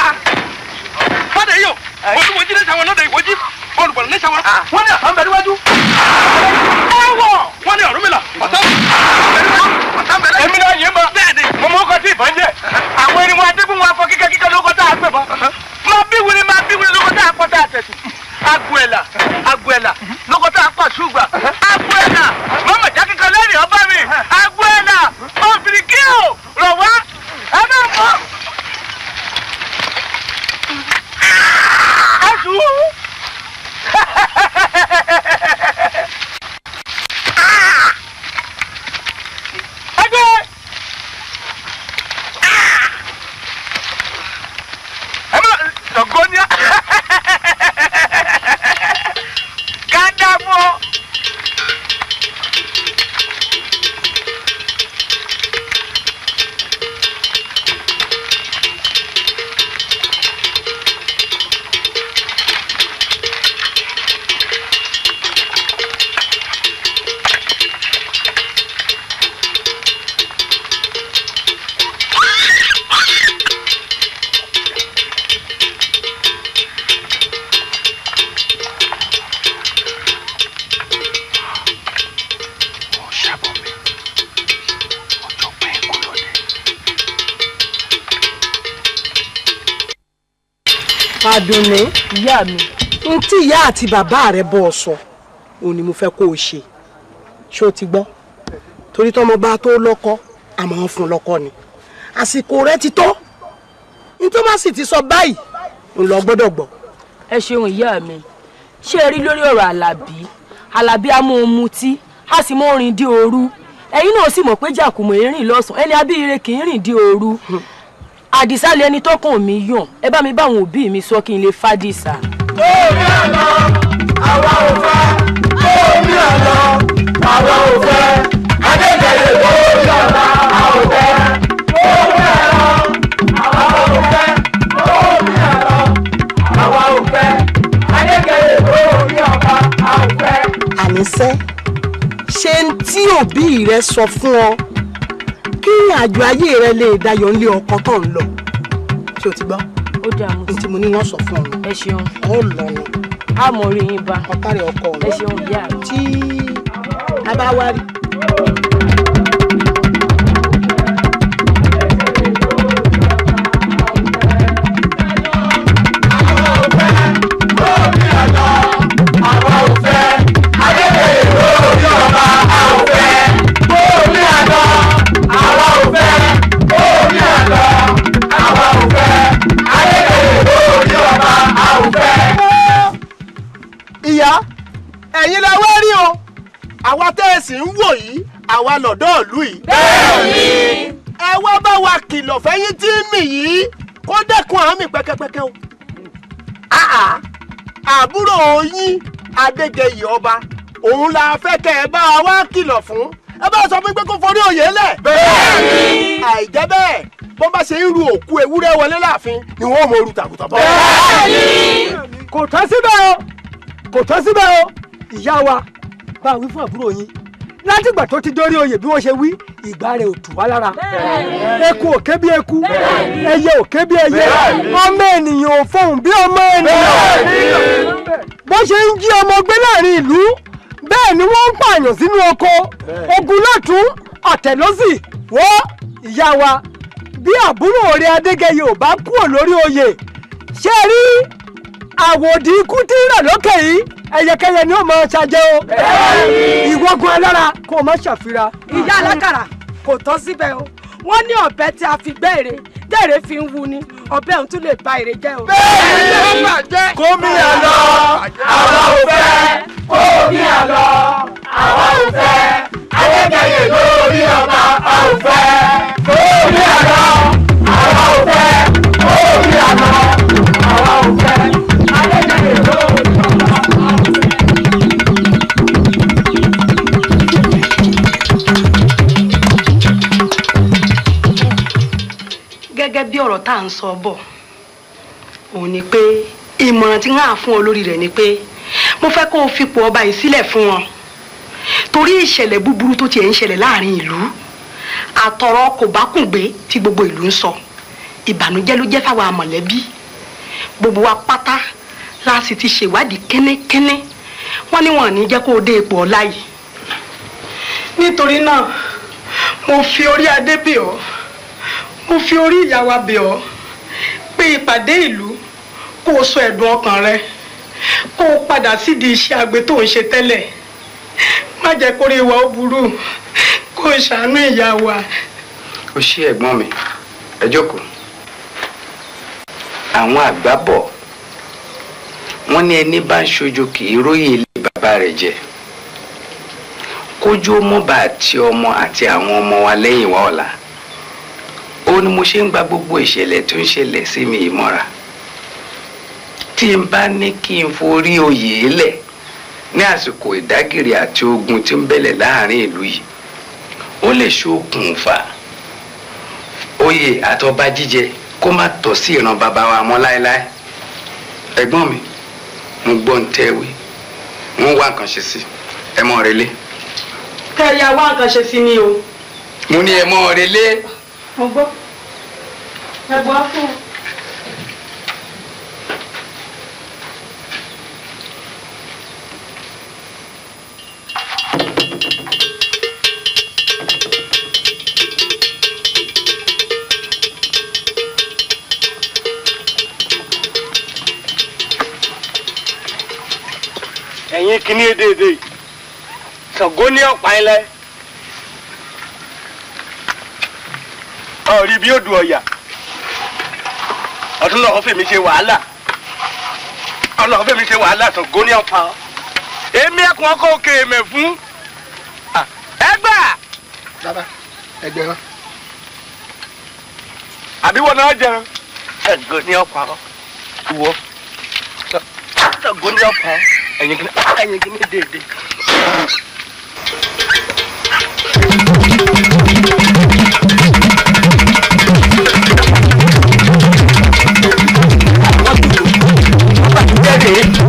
Ah. fọ́dẹ̀ yóò olùwòjì lẹ́sẹ̀ àwọn ọ̀nàdẹ̀ ìwòjì olùbọ̀lù lẹ́sẹ̀ àwọn ah. wọ́n ní àtàn bẹ̀rẹ̀ wájú. ẹ wọ̀ wọ́n ní Ọ̀rúnmìlà ọ̀tàn bẹ̀rẹ̀ wájú ọ̀tàn bẹ̀rẹ̀. èmi náà yé ma bẹ́ẹ̀ ni mo mọ̀ ọkọ̀ tí ì tá a pọ́n tá a tẹ̀sùn agbó ẹ̀là agbó ẹ̀là lóko tá a pàṣùgbà àdùnní ìyá mi n tí ìyá àti bàbá rẹ bọ ọ sọ òun ni mo fẹ́ kó o ṣe ṣé o ti gbọ́ torí tọmọ bá tó lọ́kọ àmọ́ fún lọ́kọ ni àsìkò rẹ ti tó nítorí má sì ti sọ báyìí ń lọ gbọ́dọ̀ gbọ́. ẹ ṣeun ìyá mi ṣé ẹ rí lórí ọ̀rọ̀ alábí alábí á mú un mutí á sì mú orin dí òru ẹ̀yin náà sì mọ̀ pé jàkùmọ̀ ẹ̀ rìn lọ́sàn ẹni abíire kì í rìn dí òru hmm àdìsá lẹni tó kàn mí yàn ẹ bá mi báwọn òbí mi sọ kí n lè fàdìsá. omi àlọ àwa ò fẹ́ omi àlọ àwa ò fẹ́ adéjẹyẹ omi àlọ àwa ò fẹ́ omi àlọ àwa ò fẹ́ omi àlọ àwa ò fẹ́ adéjẹyẹ omi àlọ àwa ò fẹ́. àníṣe ṣe ń tí òbí rẹ sọ fún ọ àjò ayé rẹ lè dayọ̀ nílé ọkọ tó ń lọ ṣé o ti gbọ́. ó dáa mo ti mo ní wọ́n sọ fún ọ. ẹ ṣeun ó lọ ni. a mọ̀ rí yín bá. ọ̀tá rẹ̀ ọkọ rẹ̀ ẹ ṣeun ìyá rẹ̀. tí a bá wá rí lọ́dọ̀ ìlú yìí. bẹ́ẹ̀ni. ẹ wá bá wa kìlọ̀ fẹ́yìn tí ń mì yìí kó dẹ́kun àmì pẹ́kẹ́pẹ́kẹ́ o. àbúrò yín adégeyì ọba òun la fẹ́ kẹ́ ẹ bá wa kìlọ̀ fún ẹ bá sọ fún pé kó forí òye lẹ̀. bẹ́ẹ̀ni. àìjẹ́ bẹ́ẹ̀ bó bá ṣe ń ru òkú ewúrẹ́ wọlé láàfin ni wọ́n mọ oru tàkùtà bọ́. bẹ́ẹ̀ni. kò tán síbẹ̀ o kò tán síbẹ̀ o ìyá wa bá a wí fún àbúrò yín látìgbà tó ti dórí oyè bí wọ́n ṣe wí ìgbà rẹ̀ ò tù wá lára eku ò ké bí eku ẹyẹ ò ké bí ẹyẹ ọmọ ènìyàn ò fọhùn bí ọmọ ènìyàn bó ṣe ń jí ọmọ gbé láàrin ìlú bẹ́ẹ̀ ni wọ́n ń pààyàn sínú oko ogun lọ́tún ọ̀tẹ̀lọ́sì wọ́ ìyá wa bí àbúrò rẹ̀ adégẹyẹ ò bá kúrò lórí oyè ṣé rí àwòdì ikú tí ń rà lókè yìí ẹyẹkẹyẹ ni ó máa ṣàjẹ́ o ìwọ́gun alára kò má ṣàfira. ìyá alákàrà kò tọ́ síbẹ̀ o wọ́n ní ọ̀bẹ tí a fi gbẹ́ ère dẹ́rẹ́ fi ń wu ni ọ̀bẹ òun tún lè ba ère jẹ́ o. bẹ́ẹ̀ ni gómìnà lọ àwa ò gómìnà lọ àwa ò fẹ́ lórí ọba a gómìnà lọ àwa ò gómìnà lọ. nǹkan tá à ń sọ bọ̀ òun ni pé ìmọ̀ràn tí ń hàn fún olórí rẹ̀ ni pé mo fẹ́ kó o fipò ọba yìí sílẹ̀ fún wọn torí ìṣẹ̀lẹ̀ búburú tó tiẹ̀ ń ṣẹlẹ̀ láàrin ìlú àtọ̀rọ̀ kò bá kùn gbé tí gbogbo ìlú ń sọ ìbànújẹ́ ló jẹ́ fáwọn àmọ̀lẹ́bí gbogbo wa pátá la sì ti ṣèwádìí kẹ́nẹ́kẹ́nẹ́ wọ́n ní wọn ní jẹ́ kó o dé ipò ọlá yìí nítorí náà mo fi orí adé bì ọ́ mo fi orí ìyá wa bẹ̀ ọ́ pé ìpàdé ìlú kó o sọ ẹ̀dùn ọkàn rẹ kó o padà sídìí iṣẹ́ àgbẹ̀ tó ń ṣe tẹ́lẹ̀ má jẹ́ kórè wa ó burú kó o ṣàánú ìyá wa. o ṣé ẹ̀gbọ́n mi ẹ jókòó àwọn àgbà bọ̀ wọ́n ní ẹni bá ń ṣojú kì í róyìn ilé bàbá rẹ̀ jẹ kójú ó mọ̀ bá àti ọmọ àti àwọn ọmọ wa lẹ́yìn wa ọ̀la ó ní mo ṣe ń gba gbogbo ìṣẹ̀lẹ̀ tó ń ṣẹlẹ̀ sí mi ìmọ̀ra tí n bá ní kí n forí oyè lẹ̀ ní àsìkò ìdágìrì àti ogun tí ń bẹ̀lẹ̀ láàrin ìlú yìí ó lè ṣokùnfà oyè àtọba jíjẹ kó má tọ́ sí ìran bàbá wa mọ́ láéláé ẹ̀gbọ́n mi mo gbọ́ ń tẹ́wé mo ń wá nǹkan ṣe sí ẹ mọ́ relé. kẹ́ẹ̀yà wá nǹkan ṣe sí ni o. mo ní ẹ mọ́ relé. mo gbọ́ ẹ̀bùn afún. ẹ̀yin kìíní èdèèdè Ṣàngó ní ọ̀pá ilẹ̀ ọ̀rí bí ó du ọ̀yà ọdún náà fèmí ṣe wàhálà ọlọ́run fèmí ṣe wàhálà tó góní ọ̀pá ọ. èmi ẹkùn ọkọ òkè èmẹ fún ẹgbà. bàbá ẹgbẹ̀rún. àbíwọ náà jẹun. ẹgbẹ́ ní ọ̀pá ọ wọ tó góní ọ̀pá ọ ẹ̀yìn kìíní dèédé. Thank you. Hey.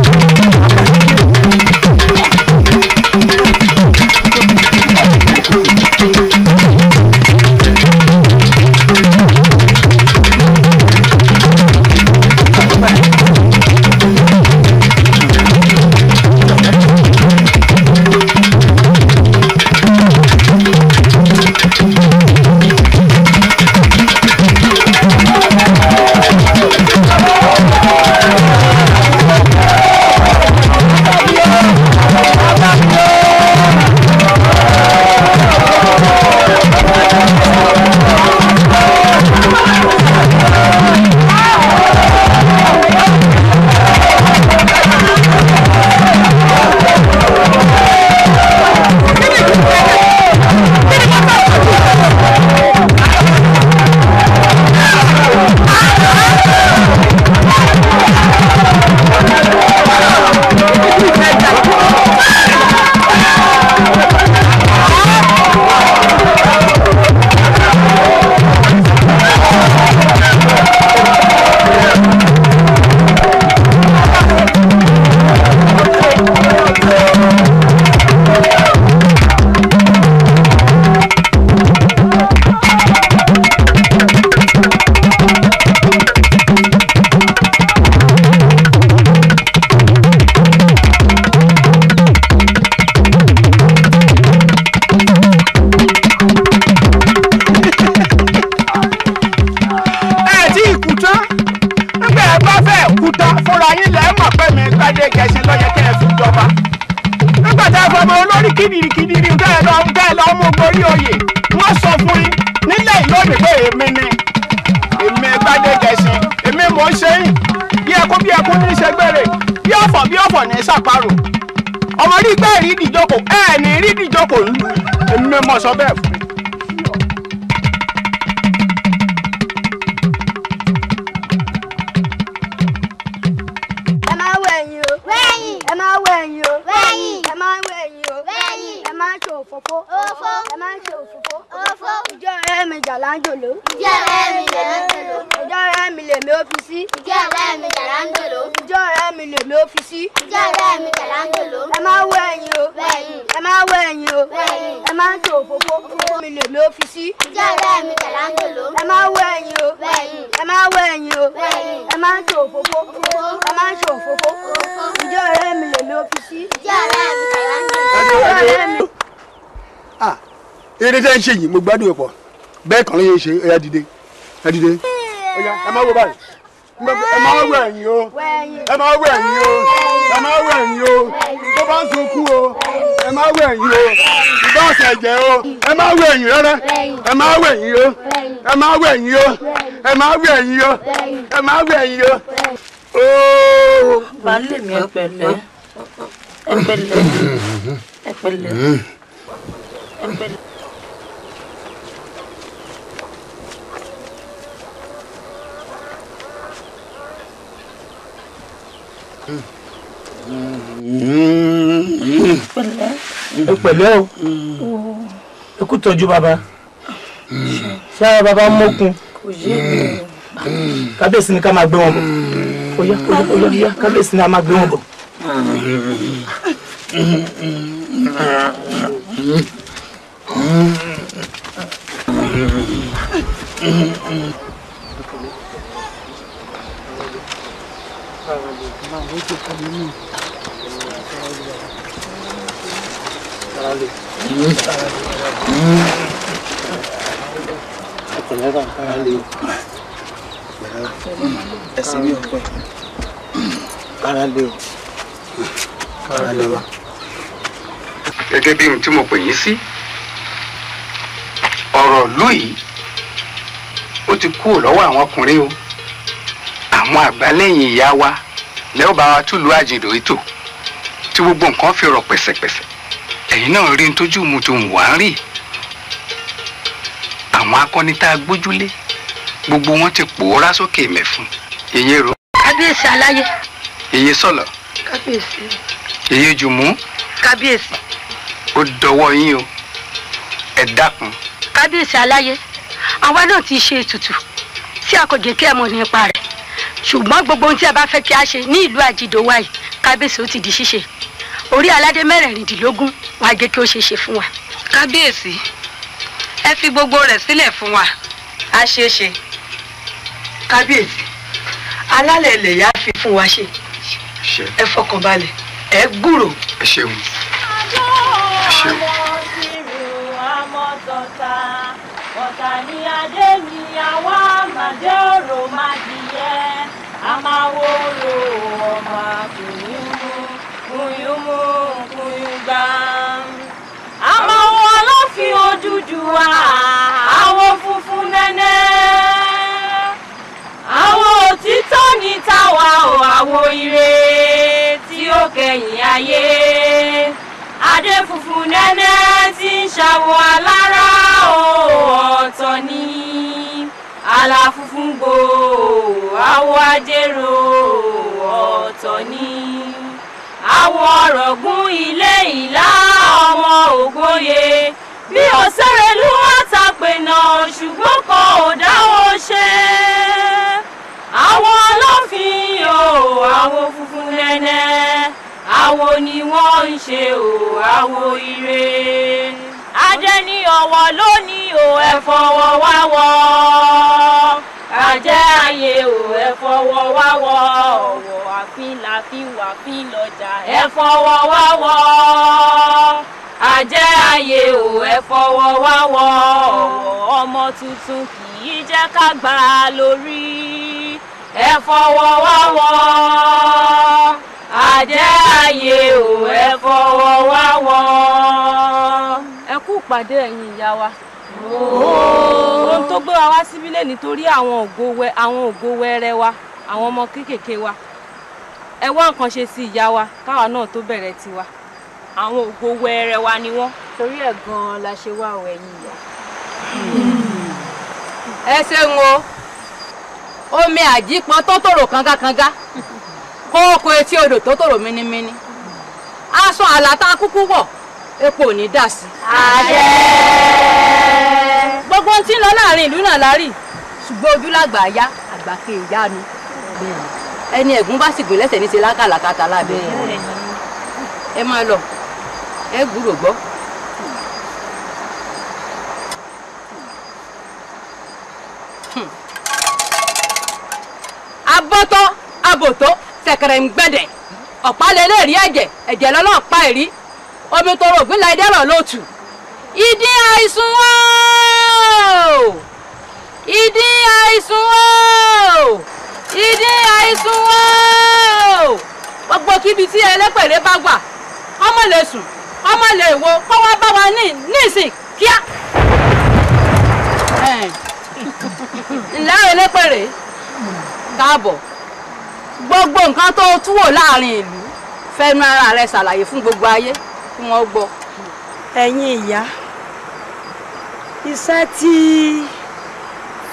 tẹ́ ń ṣe yìí mo gbádùn ẹ̀ pọ̀ bẹ́ẹ̀ kàn ló yẹ ṣe ẹ̀yà dìde ẹ̀ dìde ọ̀yà ẹ máa wọ báyìí ẹ máa wọ ẹ̀yìn o ẹ máa wọ ẹ̀yìn o ẹ máa wọ ẹ̀yìn o tó bá ń sunkún o ẹ máa wọ ẹ̀yìn o ìbá ọ̀sẹ̀ ẹ̀jẹ̀ o ẹ máa wọ ẹ̀yìn rárá ẹ máa wọ ẹ̀yìn o ẹ máa wọ ẹ̀yìn o ẹ máa wọ ẹ̀yìn o ẹ máa wọ ẹ̀yìn o. balẹ̀ mi ẹ pẹ̀lẹ́ ẹ pẹ̀lẹ́ ẹ pẹ̀lẹ́ ẹ pẹ̀lẹ́. o pẹ̀lẹ́ o ẹ kú tọ́jú bàbá ṣé ara bàbá mọ́kun kábíyèsí ni ká máa gbé wọn bọ̀ oyá oyá oyá kábíyèsí ni a máa gbé wọn bọ̀. Thank you. ẹsẹ̀ mi ò pẹ́ ara lé o ara lé wa. gẹ́gẹ́ bí ohun tí mo pè yín sí ọ̀rọ̀ lùyìí ó ti kúrò lọ́wọ́ àwọn ọkùnrin o àwọn àgbálẹ́yìn ìyá wa lẹ́wọ́ bá wa túlùú àjìndò ètò tí gbogbo nǹkan fi rọ̀ pẹ̀sẹ̀pẹ̀sẹ̀ ẹ̀yin náà rí n tójú mu tó ń wá rí àwọn akọni tá a gbójúlé gbogbo wọn ti pòórá sókè mẹ́fún èyí ro. kábíyèsí aláyé. èyí sọ̀lọ̀. kábíyèsí. èyí jùmú. kábíyèsí. ó dọwọ́ yín o ẹ dákun. kábíyèsí aláyé àwa náà ti ṣe ètùtù tí a kò jẹ́ kí ẹ mọ̀ nípa rẹ̀ ṣùgbọ́n gbogbo ohun tí a bá fẹ́ kí a ṣe ní ìlú àjìdó wáyé kábíyèsí ó ti di ṣíṣe orí aládé mẹ́rẹ̀ẹ̀rìndínlógún wàá jẹ́ kí ó ṣeé ṣe fún wa. kábíyèsí ẹ fi gbogbo rẹ̀ sílẹ̀ fún wa a ṣeé ṣe. kábíyèsí alálẹ̀ ilẹ̀ yá fi fún wa ṣe ẹ fọkàn balẹ̀ ẹ gbúrò. ẹ ṣeun ẹ ṣeun. Adé mi àwa màdé ọ̀rọ̀ màdìyẹ, àmàwòrò. wa àwọn funfun nẹ́nẹ́ àwọn òtítọ́ ní tàwa ò àwo ire tí ó kẹyìn ayé adé funfun nẹ́nẹ́ tí ń ṣàwọ̀ alára ọ̀tọ̀ ni àlà funfun gbò àwọ̀ ajérò ọ̀tọ̀ ni àwọn ọ̀rọ̀gún ilé ìlà ọmọ ògbóye mi ò Ṣerélú àtàpènà ṣùgbọ́n kan ò dáwọ́ ṣe àwọn ọlọ́fin o àwọn funfun nẹ́nẹ́ àwọn ni wọ́n ń ṣe o àwọn ire ajẹ́ ni ọ̀wọ̀ lónìí o ẹ fọwọ́ wá àjẹ́ ayé o ẹ fọwọ́ wá wọ ọ̀wọ̀ àfin làfin wàfin lọ́jà ẹ fọwọ́ wá wọ àjẹ́ ayé o ẹ fọwọ́ wá wọ ọmọ tuntun kì í jẹ́ ká gbà á lórí ẹ fọwọ́ wá wọ àjẹ́ ayé o ẹ fọwọ́ wá ẹ kú pàdé ẹ̀yin ìyá wa. ohun tó gbé wa wá síbí lé nítorí àwọn ògo wẹ àwọn ògo wẹrẹ wa àwọn ọmọ kéékèèké wa ẹ wá nǹkan ṣe sí ìyá wa káwa náà tó bẹ̀rẹ̀ tiwa. àwọn ògo wẹrẹ wa ni wọ́n. torí ẹ̀ gan-an la ṣe wá àwọn ẹ̀yìn ìyá. ẹ ṣeun o omi àjípọn tó tòrò kangakanga kó o kó etí odò tó tòrò mínímíní aṣọ àlàtà kúkú wọ̀ epo ò ní dà sí. àṣẹ. gbogbo ohun tí ń lọ láàrin ìlú náà la rí ṣùgbọ́n ojú làgbà yá àgbà kì í yánu. ẹni ẹ̀gún bá sì gùn lẹ́sẹ̀ ní ṣe lákàlàkàtà lábẹ́ ẹ̀. ẹ máa lọ ẹ gbúrò gbọ́. Hmm. abọ́tọ́ abòtó sẹ̀kẹ̀rẹ̀ ń gbẹ̀dẹ̀ ọ̀pá lélẹ́ẹ̀rí ẹ̀jẹ̀ ẹ̀jẹ̀ lọ́lọ́ọ̀pá ẹ̀rí omi tọrọ ògbìnlẹ̀ ìdẹ́rọ̀ lótù ìdí àìsùn wò ìdí àìsùn wò ìdí àìsùn wò gbogbo kíbi tí ẹlẹ́pẹ̀rẹ́ bá wà ọmọ lè sùn ọmọ lè wo kó wá bá wa ní nísìn kíá. ǹlẹ́ ẹlẹ́pẹ̀rẹ́ káàbọ̀ gbogbo nǹkan tó túwò láàrin ìlú fẹ́nu ara rẹ ṣàlàyé fún gbogbo ayé kí wọ́n gbọ́. ẹ̀yin ìyá iṣẹ́ tí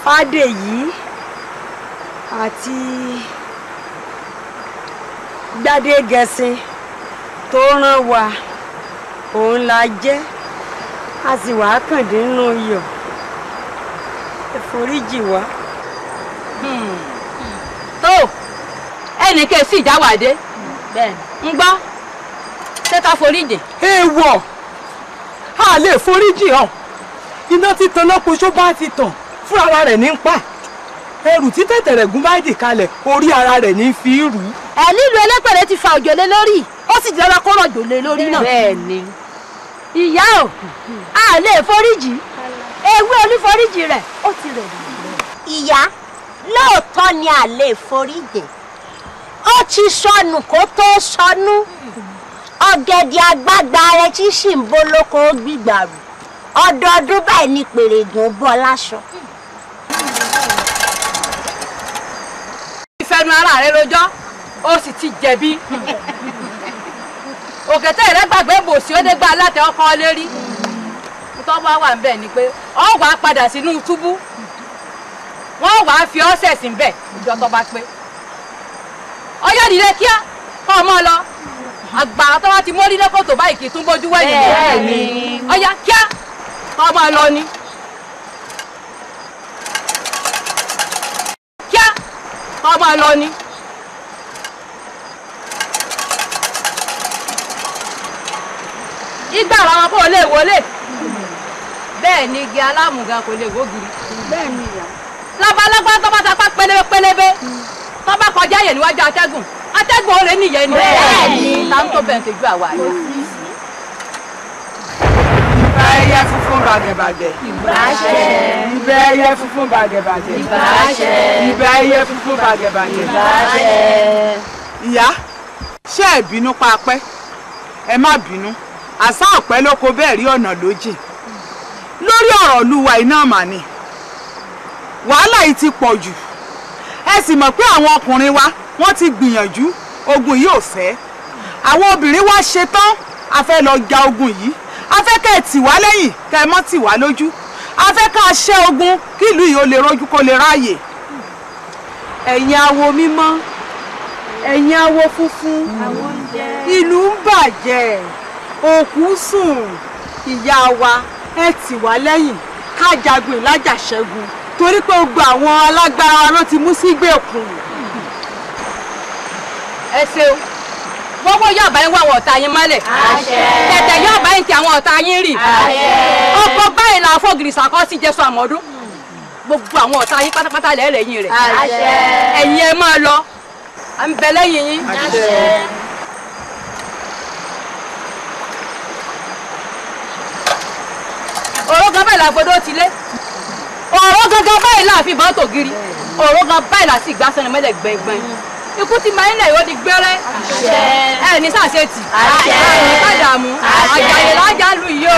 Fádèyí àti Gbádé Gẹṣin tó rán wa òun la jẹ́ a sì wàá kàndé nínú iyọ̀ ẹ̀foríjì wa. Hmm. Hmm. tó ẹnì kejì sì ń gbọ́ ṣé ká foríjì. èèwọ̀ a lè foríjì hàn iná títan lọ́pọ̀ ṣó bá ti tàn fún ara rẹ̀ ní pa ẹrù tí tẹ̀tẹ̀rẹ̀gún bá dì kalẹ̀ orí ara rẹ̀ ní fi rù ú. ẹ nílùú elépèrè ti fa òjòlé lórí ó sì jẹ́ ọlọ́kọ́ rọ̀jòlé lórí náà. bẹ́ẹ̀ni ìyá ò a lè foríjì ewé oníforíjì rẹ̀ ó ti rẹ̀ dùn. ìyá lóòótọ́ ni a lè foríjì ó ti sọnù kó tó sọnù ọ̀gẹ̀dẹ̀ àgbààgbà rẹ tí sì ń bó lóko gbígbàrú ọdọọdún báyìí ni pèrègùn bọ́ láṣọ. ìfẹnu ara rẹ lọ́jọ́ ó sì ti jẹ̀bi òkètè rẹ gbàgbé bòsí ó dé gba alátẹ ọkọ lérí tó wá wà ń bẹ̀ ni pé ọ wàá padà sínú túbú wọ́n wàá fi ọ́sẹ̀ sí ń bẹ̀ ìjọ tó bá pé ọyọ́ ìdílé kíá kọ́ ọ mọ́ lọ àgbàrá tó wá ti mórí lẹ́kọ̀tò báyìí kì í tún bójú wẹ̀yìn bẹ́ẹ̀ ni ọ̀yà kíá kọ́ máa lọ ni. kíá kọ́ máa lọ ni. igbá àwọn ọmọ kò lè wọlé bẹ́ẹ̀ ni igi alámùga kò lè wógiri. bẹ́ẹ̀ ni ìyá. labalábá tó bá ta pa pélébépélébé tó bá kọjá yẹ̀ níwájú atẹ́gùn atẹ́gùn ọ̀rẹ́ nìyẹn ni bẹ́ẹ̀ ni ta ń tó bẹ́ẹ̀ ṣojú àwa yìí. ìbà ẹyẹ funfun bàgẹ̀bàgẹ̀. ìbà ṣẹ. ìbà ẹyẹ funfun bàgẹ̀bàgẹ̀. ìbà ṣẹ. ìbà ẹyẹ funfun bàgẹ̀bàgẹ̀. ìbà ṣẹ. ìyá ṣé ẹ bínú pa apẹ́ ẹ má bínú àṣà ọ̀pẹ́ ló kó bẹ́ẹ̀ rí ọ̀nà lójì lórí ọ̀rọ̀ olúwa iná màní wàhálà yìí ti pọ̀ jù ẹ sì mọ̀ pé àwọn ọkùnrin wa wọ́n ti gbìyànjú ogun yìí ò fẹ́ àwọn obìnrin wá ṣetán a fẹ́ lọ ja ogun yìí a fẹ́ kẹ́ ẹ̀ tì wá lẹ́yìn kẹ́ ẹ mọ́ tì wá lójú a fẹ́ ká a ṣẹ́ ogun kí ìlú yìí ó lè rọ́jú kó lè ráàyè. ẹ̀yin awo mímọ́ ẹ̀yin awo funfun ìlú ń bàjẹ́ òkú sùn ìyá wa ẹ tì wá lẹ́yìn ká jagun ìlàjà ṣẹ́gun torí pé gbogbo àwọn alágbára ló ti mú sígbèkùn. ẹ gbogbo yóò bá yín wá àwọn ọ̀tá yín mọ́lẹ̀ tẹ̀tẹ̀ yóò bá yín ti àwọn ọ̀tá yín rì ọkọ̀ báyìí la fọ́gìrìsà kọ́ sí jésù àmọ́dún gbogbo àwọn ọ̀tá yín pátápátá lẹ́ẹ̀rẹ̀ yín rẹ̀ ẹ̀yin ẹ máa lọ à ń bẹ lẹ́yìn yín. òrógan báyìí làgbodò ti lé òrógan báyìí làfihàn tògiri òrógan báyìí làsì gbásánimẹ́lẹ̀ gbẹ̀ngbẹ̀n. ikú ti máa ń lẹ̀ yóò di gbẹ́rẹ́ ẹ̀ ní sàṣetì ẹ̀ ní kádàmú àjàyè lájà lù yìí o.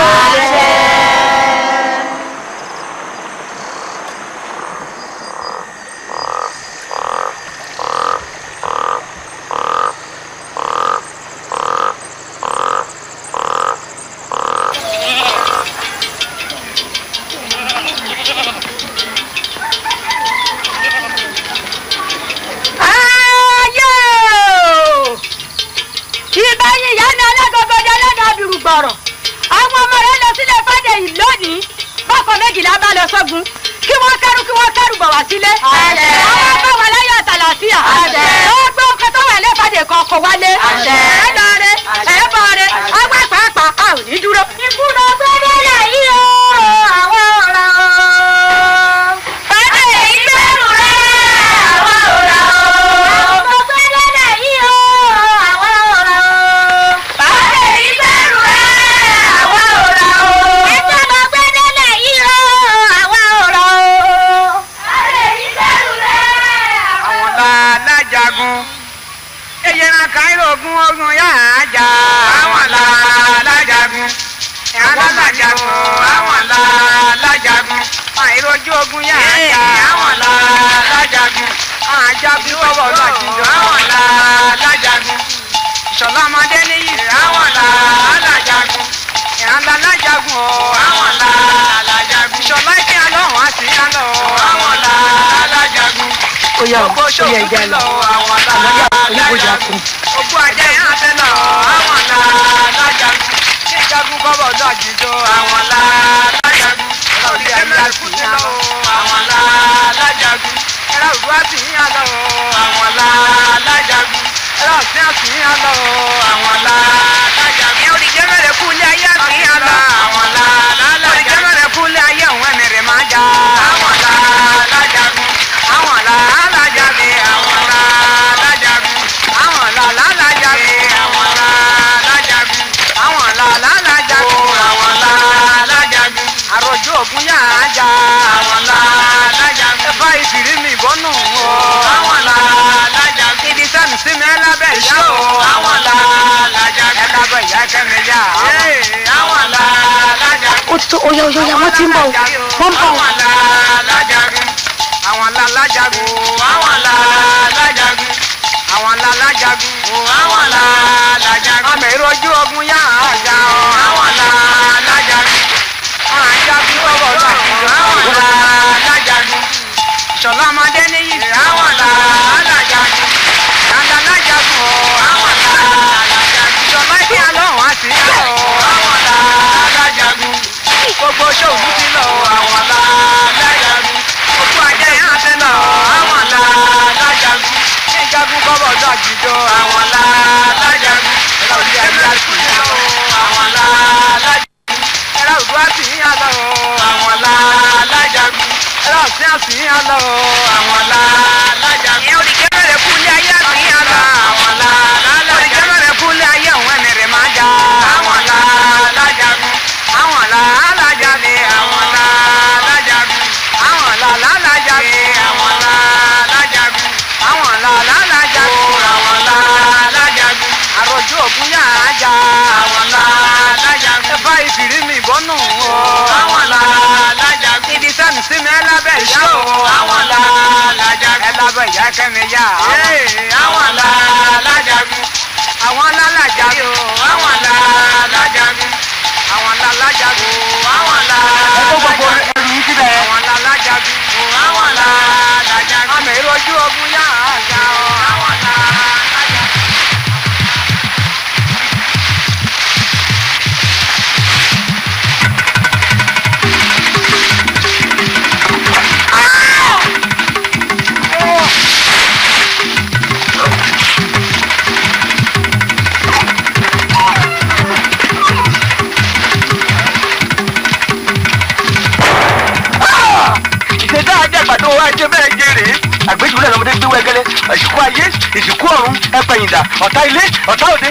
yá o ó yẹ ìjà lọ àwọn yá oníbòjì àkùn. so oya oya oya wọ́n ti ń bọ̀ wọ́n ń bọ̀. àwọn làlájagun àwọn làlájagun àwọn làlájagun àwọn làlájagun àwọn làlájagun. àmì ìrọ̀jú ọgbun yára ga ọ. fẹ̀yìndà ọ̀tá ilé ọ̀tá òde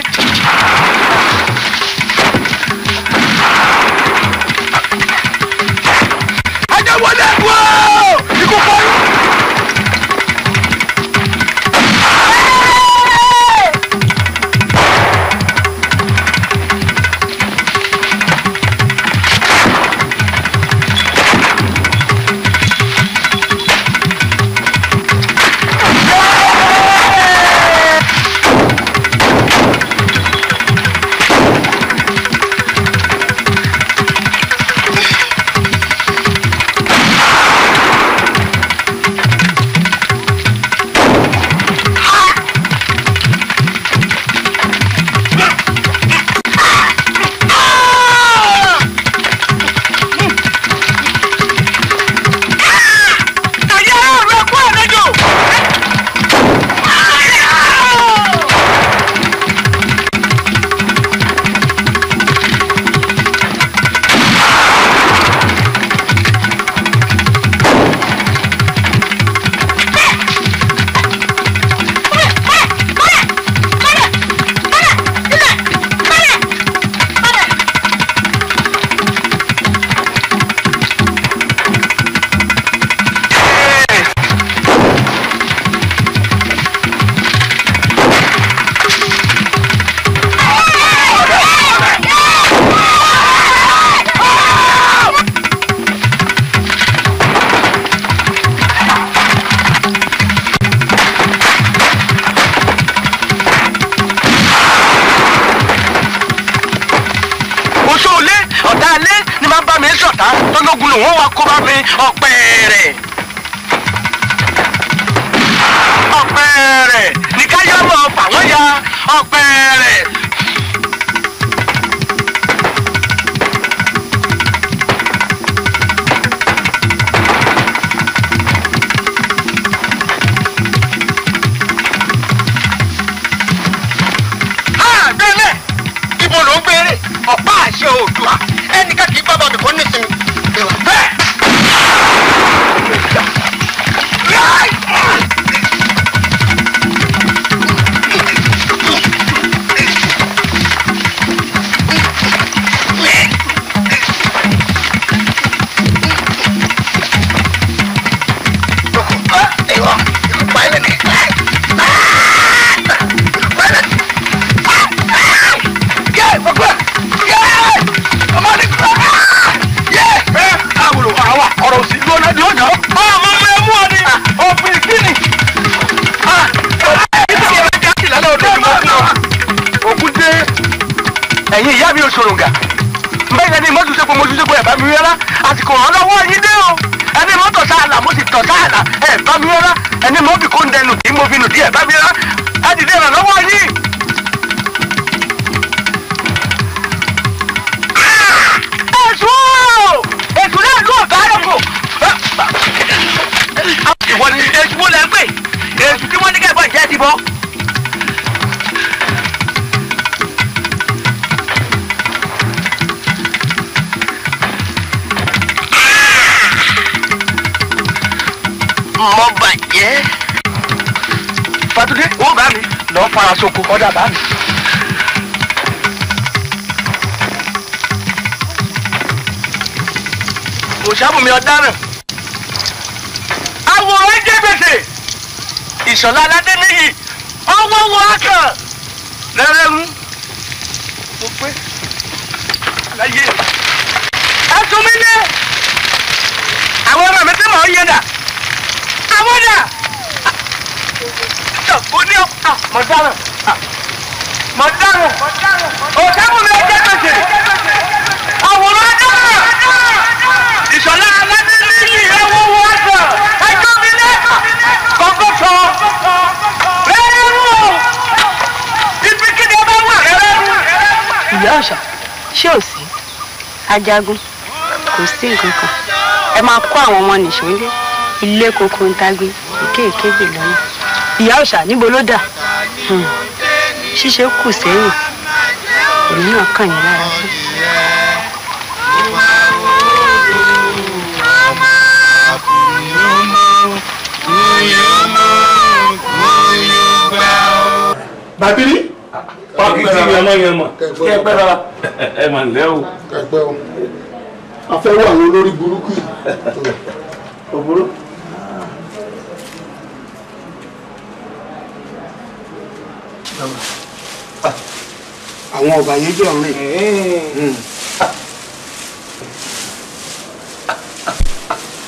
ológun lòun wà kó bá mi ọpẹ́ rẹ̀ ọpẹ́ rẹ̀ nìkan yọ ọmọ ọpà wọn ya ọpẹ́ rẹ̀. sọ̀rọ̀ǹgà bẹ́ẹ̀ ni mọ́tò ṣe pé mo ṣiṣẹ́ pé mi rárá àsìkò rán lọ́wọ́ yín dé o ẹni mọ́tò sáàlà mo sì tọ̀ sáàlà ẹ̀ mi rárá ẹni mọ́bì kò ń dẹnu tí mo fi nù tí ẹ̀ mi rárá ẹ dìde ràn yín. èso èso náà ló bá rẹ̀ ìwọ ni èso lẹ́gbẹ̀ẹ́ èso tí wọ́n ní kẹ́ bọ̀ ti bọ́. mọ́ bàjẹ́. Fatúndé ó bá mi lọ fara soko ọ̀dà bá mi. òṣàbùnmi ọ̀daràn àwòrán jẹ́gbèsè ìṣọ̀lá aládé níyì ọwọ́ wọ akàn rẹ́rẹ́ ń mo pé láyé ẹ̀sùn mi ní àwọn ọmọ mi tí mò ń yẹn dà àwọn dà ó ní ọ mọ̀ dáràn mọ̀ dáràn òkèbùnmi ẹjẹ gbèsè àwòrán dáràn ìṣọ̀lá aládélé ìrẹ́wọ̀ wọ àgbà ẹjọ́ mi náà kọ́kọ́tọ̀ bẹ́ẹ̀ wò ibi kíni ẹ bá wà rẹ́rẹ́. ìyá ọ̀ṣà ṣé ò sí ajagun kò sí nǹkan kan ẹ máa kó àwọn ọmọ nìṣó nílé ilé koko ń tagbé èké èkejì lọ́nà ìyá òòṣà níbo ló dà hmm. ṣíṣe kù sẹ́yìn èmi náà kàn yín lára fún. bàbílí pàkìtì yànmọ́yànmọ́ kẹpẹ́ rárá ẹ mà lẹ́ o. kẹpẹ́ o a fẹ́ wọ burúkú yìí. òbúrò. Ah. àwọn ọba yẹn jẹ́ ọ̀rìn. Hmm. Ah.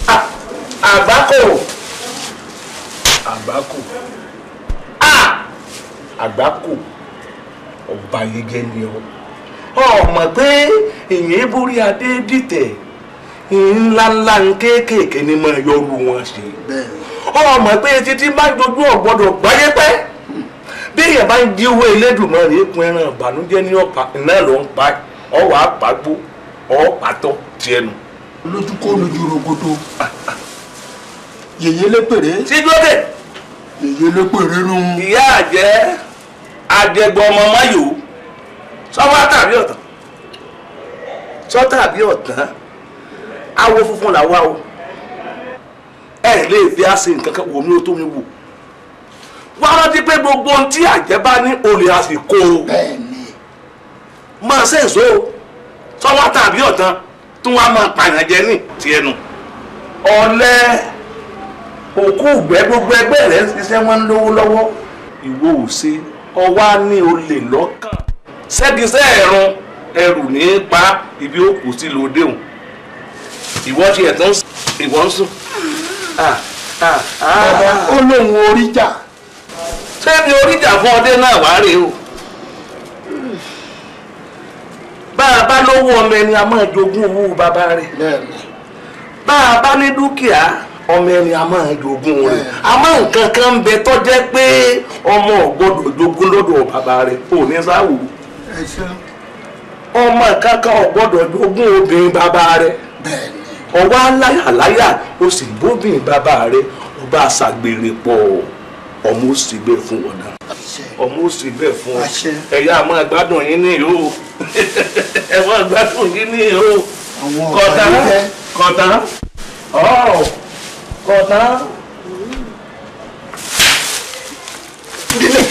Ah. àgbákò. àgbákò. àgbákò ọba yẹn jẹ́ ni ọ ọmọ pé èyàn borí adé dìtẹ̀ ńláńlá kéékèèké ni mo yọrù wọn ṣe ọmọ pé títí má dojú ọ̀gbọ́dọ̀ gbáyé pẹ́ bí èèyàn bá ń jíwé Elédùmarè èkún ẹran ìbànújẹ́ ní ọ̀pá náà ló ń pa ọwọ́ àpàgbó ọ̀pàtọ́ tiẹ̀ nù. lójú lójú rogodo yèyé lépèrè. sídóde. yèyé lépèrè nù. ìyá àjẹ́ àjẹgbọ ọmọ mayo sọwọ tàbí ọtàn sọ tàbí ọtàn awo funfun làwa o ẹ lè fi àṣẹ nǹkan kan wò mí o tó mi wò wá rántí pé gbogbo ohun tí àjẹ́ bá ní olè àsìkò máa ṣe èso sọ́wọ́ tàbí ọ̀tán tí wọ́n máa pààyàn jẹ ní tiẹ̀ nù. ọ̀lẹ́ òkú ìgbẹ́ gbogbo ẹgbẹ́ rẹ̀ ń ṣiṣẹ́ wọn lówó lọ́wọ́ ìwọ ò ṣe ọwá ní olè lọ́kàn ṣẹ́gisẹ́ ẹ̀rùn ẹrù ní pa ibi ó kù sí lóde òun ìwọ ti ẹ̀ tán ìwọ ń sùn. ó lóun orí sẹ́ni oríjà fún ọdẹ náà wá rèé o bá a bá lówó ọmọ ẹni a máa jogún owó bàbá rẹ̀ bá a bá ní dúkìá ọmọ ẹni a máa jogún rẹ̀ àmọ́ nǹkan kan ń bẹ tó jẹ́ pé ọmọ ọ̀gbọ́dọ̀ jogún lọ́dọ̀ bàbá rẹ̀ kò ní sáwù ọmọ kankan ọ̀gbọ́dọ̀ jogún obìnrin bàbá rẹ̀ ọwọ́ aláyàláyà o sì bóbìnrin bàbá rẹ̀ ọba àṣàgbèrè pọ̀ ọ́ ọmọ ó sì bẹ́ẹ̀ fún wọn náà ọmọ ó sì bẹ́ẹ̀ fún ọ ẹ̀yà àmọ́ àgbádùn yín ní ìhó ẹ̀wọ̀n àgbádùn yín ní ìhó kọ̀tà kọ̀tà ọ̀ kọ̀tà.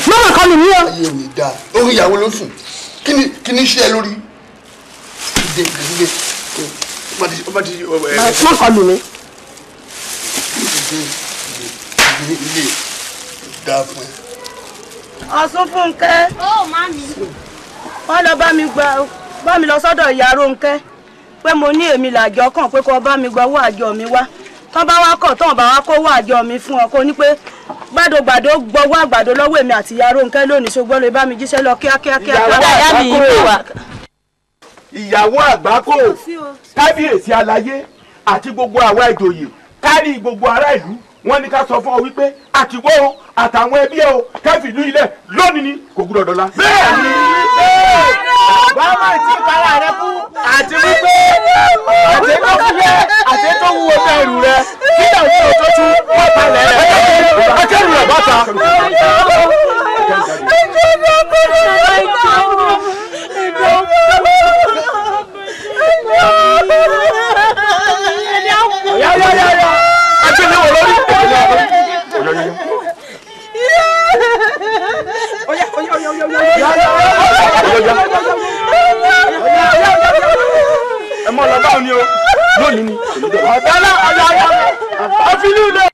mọ́mọ́ kan nìyí o. ayé mi da orí ìyàwó ló sùn kí ni kí ni iṣẹ́ lórí. ìdè ìdè ìdè. má kọlù mi. ìdè ìdè ìdè dáa fún ẹ. ọ̀sùn fúnkẹ́. ó má mi. wọ́n lọ bá mi gba bá mi lọ sọ́dọ̀ ìyá Rónkẹ́ pé mo ní èmi làjọ kàn pé kó bá mi gba owó àjọ mi wá tán bá wá kọ̀ tán bá wá kó owó àjọ mi fún ọ kó ní pé gbàdógbàdó gbọwọ́ àgbàdo lọ́wọ́ èmi àti ìyá Rónkẹ́ lónìí ṣùgbọ́n lè bá mi jíṣẹ́ lọ kíákíá kíá. ìyàwó àgbákò kábíyèsí aláyé àti gbogbo àwa ìjòyè kárí gbogbo ará ìlú wọn ní ká sọ fún ọ wípé àtiwọ́ o àtàwọn ẹbí ẹ o kẹ́fì ìlú ilẹ̀ lónìí ni kò gbúdọ̀ dọ́là. bẹ́ẹ̀ni wàá máa ti para rẹ kú àti wípé àti tó fúyẹ́ àti tó wúwo bẹ́ẹ̀rù rẹ nígbà tí o tó tún wọ́n balẹ̀ rẹ. akẹ́rù rẹ̀ bàtà. Yeah, yeah, yeah, yeah ọ̀yọ̀ yẹn. Oya oya oya oya oya oya oya oya oya ẹ mọ lọ báwo ni o lónìí ni. Ọ̀dọ́lá ọ̀dọ́lá ọ̀fìlú lọ.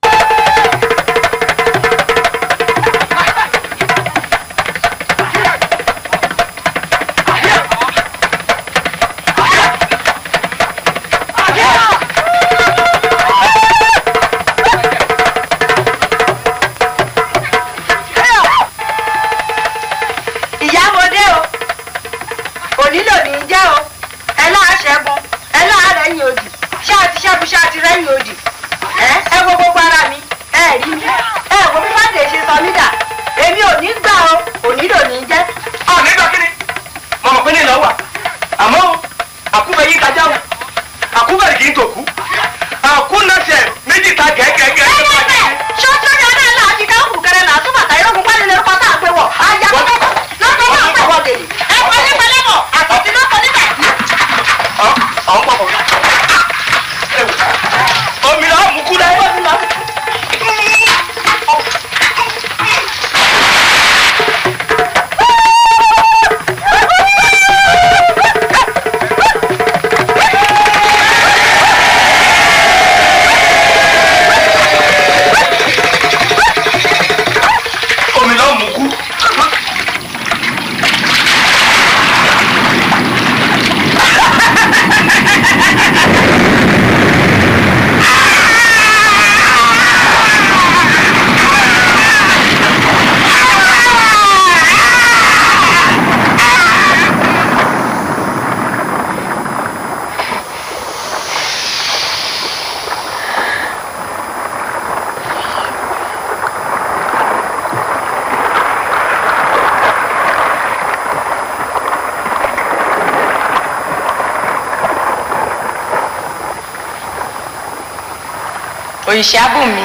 òrìṣàbùnmi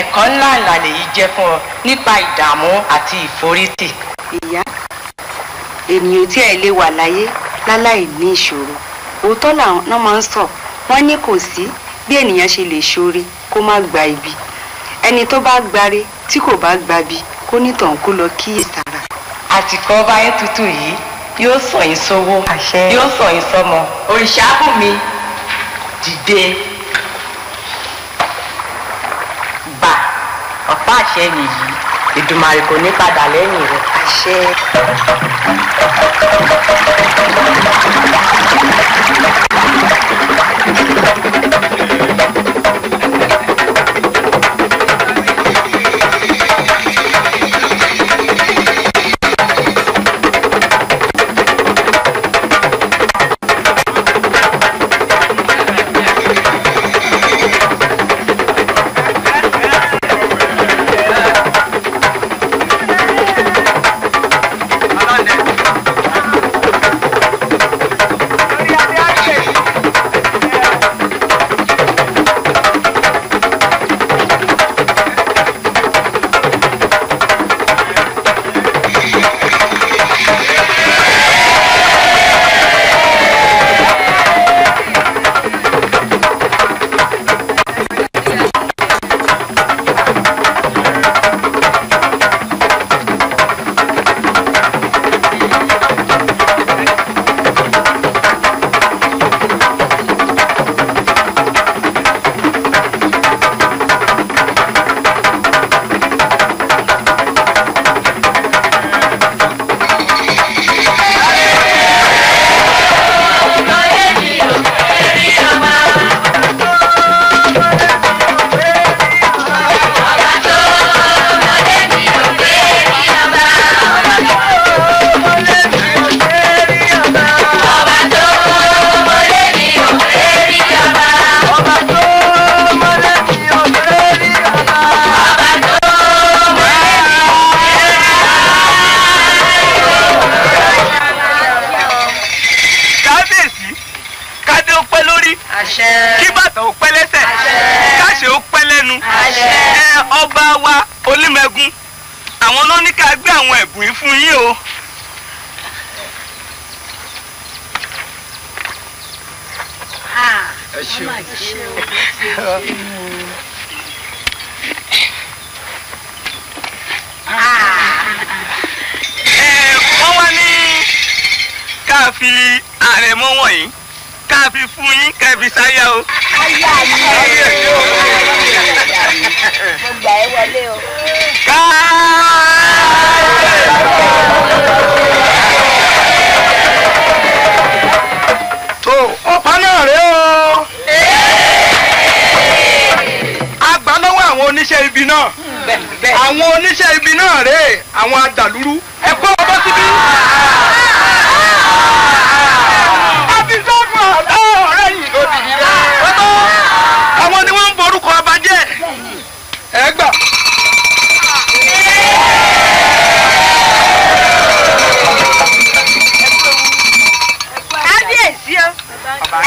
ẹ̀kọ́ ńlá ńlá lèyí jẹ́ fún ọ nípa ìdààmú àti ìforítì. ìyá ènìyàn tí ẹ lè wà láyé láláì ní ìṣòro òótọ́ làwọn máa ń sọ wọ́n ní kò sí bí ènìyàn ṣe lè ṣoore kó má gba ibi ẹni tó bá gbare tí kò bá gbabi kó nítàn kó lọ kíyèsára. àtìkọ́ báyé tútù yìí yóò sọ yín yóò sọ yín sọmọ òrìṣàbùnmi dìde. iṣẹ́ mi yìí Èdùmàrè kò ní padà lẹ́yìn rẹ̀ àṣẹ.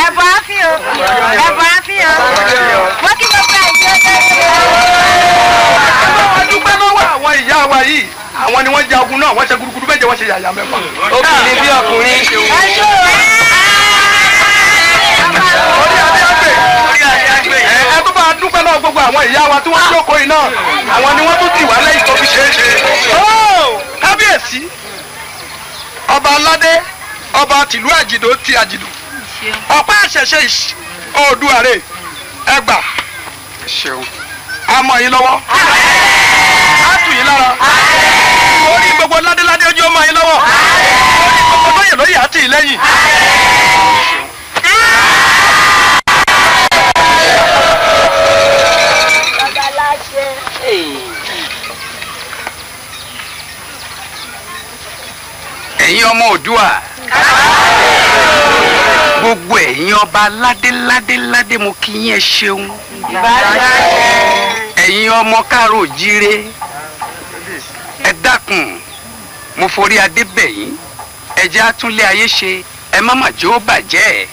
ẹ̀bùn àfi o ẹ̀bùn àfi o wọ́n kí gbogbo àìsí ọjọ́ ìṣẹ́ wọn. a dúpẹ́ lọ́wọ́ àwọn ìyá wa yìí àwọn ni wọ́n jagun náà wọ́n ṣe gudugudu bẹ́ẹ̀ jẹ́ wọ́n ṣe yàyà mẹ́fà. obìnrin bí ọkùnrin. ọjọ́ orí adé àgbè ẹ tó bá dúpẹ́ lọ́wọ́ gbogbo àwọn ìyá wa tí wọ́n jókòó iná àwọn ni wọ́n tún tì wá lẹ́yìn tó fi ṣeé ṣe. Oh, kábíyèsí ọba aládé ọba tìlú àjìdó ti àjìdó ọ̀pá àṣẹṣe òdùàrè ẹgbà àmọ́ yín lọ́wọ́ á tù yín lára orí gbogbo ládéládé ojú ọmọ yín lọ́wọ́ orí gbogbo lóyè lóyè àti ìlẹ́yìn. ẹ̀yin ọmọ Oòduà gbogbo ẹ̀yin ọba ládéládéládé mo kí yín ẹ ṣeun ẹ̀yin ọmọ káàró jíire ẹ dákun mo forí adé bẹ̀ yín ẹ jẹ́ àtúnlé ayé ṣe ẹ má mà jẹ́ ó bàjẹ́ ẹ̀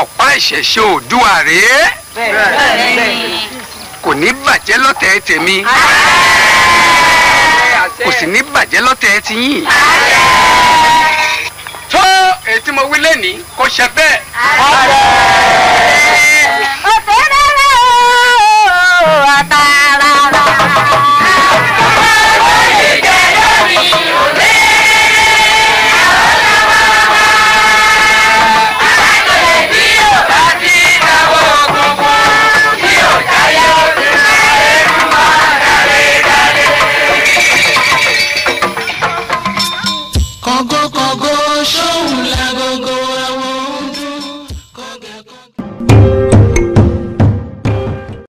ọ̀pá ìṣẹ̀ṣe òdúwà rèé kò ní bàjẹ́ lọ́tẹ̀ tèmi kò sì ní bàjẹ́ lọ́tẹ̀ tiyín tó ètí mo wí lẹ́ni kò ṣe bẹ́ẹ̀. ọ̀fẹ́ rẹ̀ ó àtà.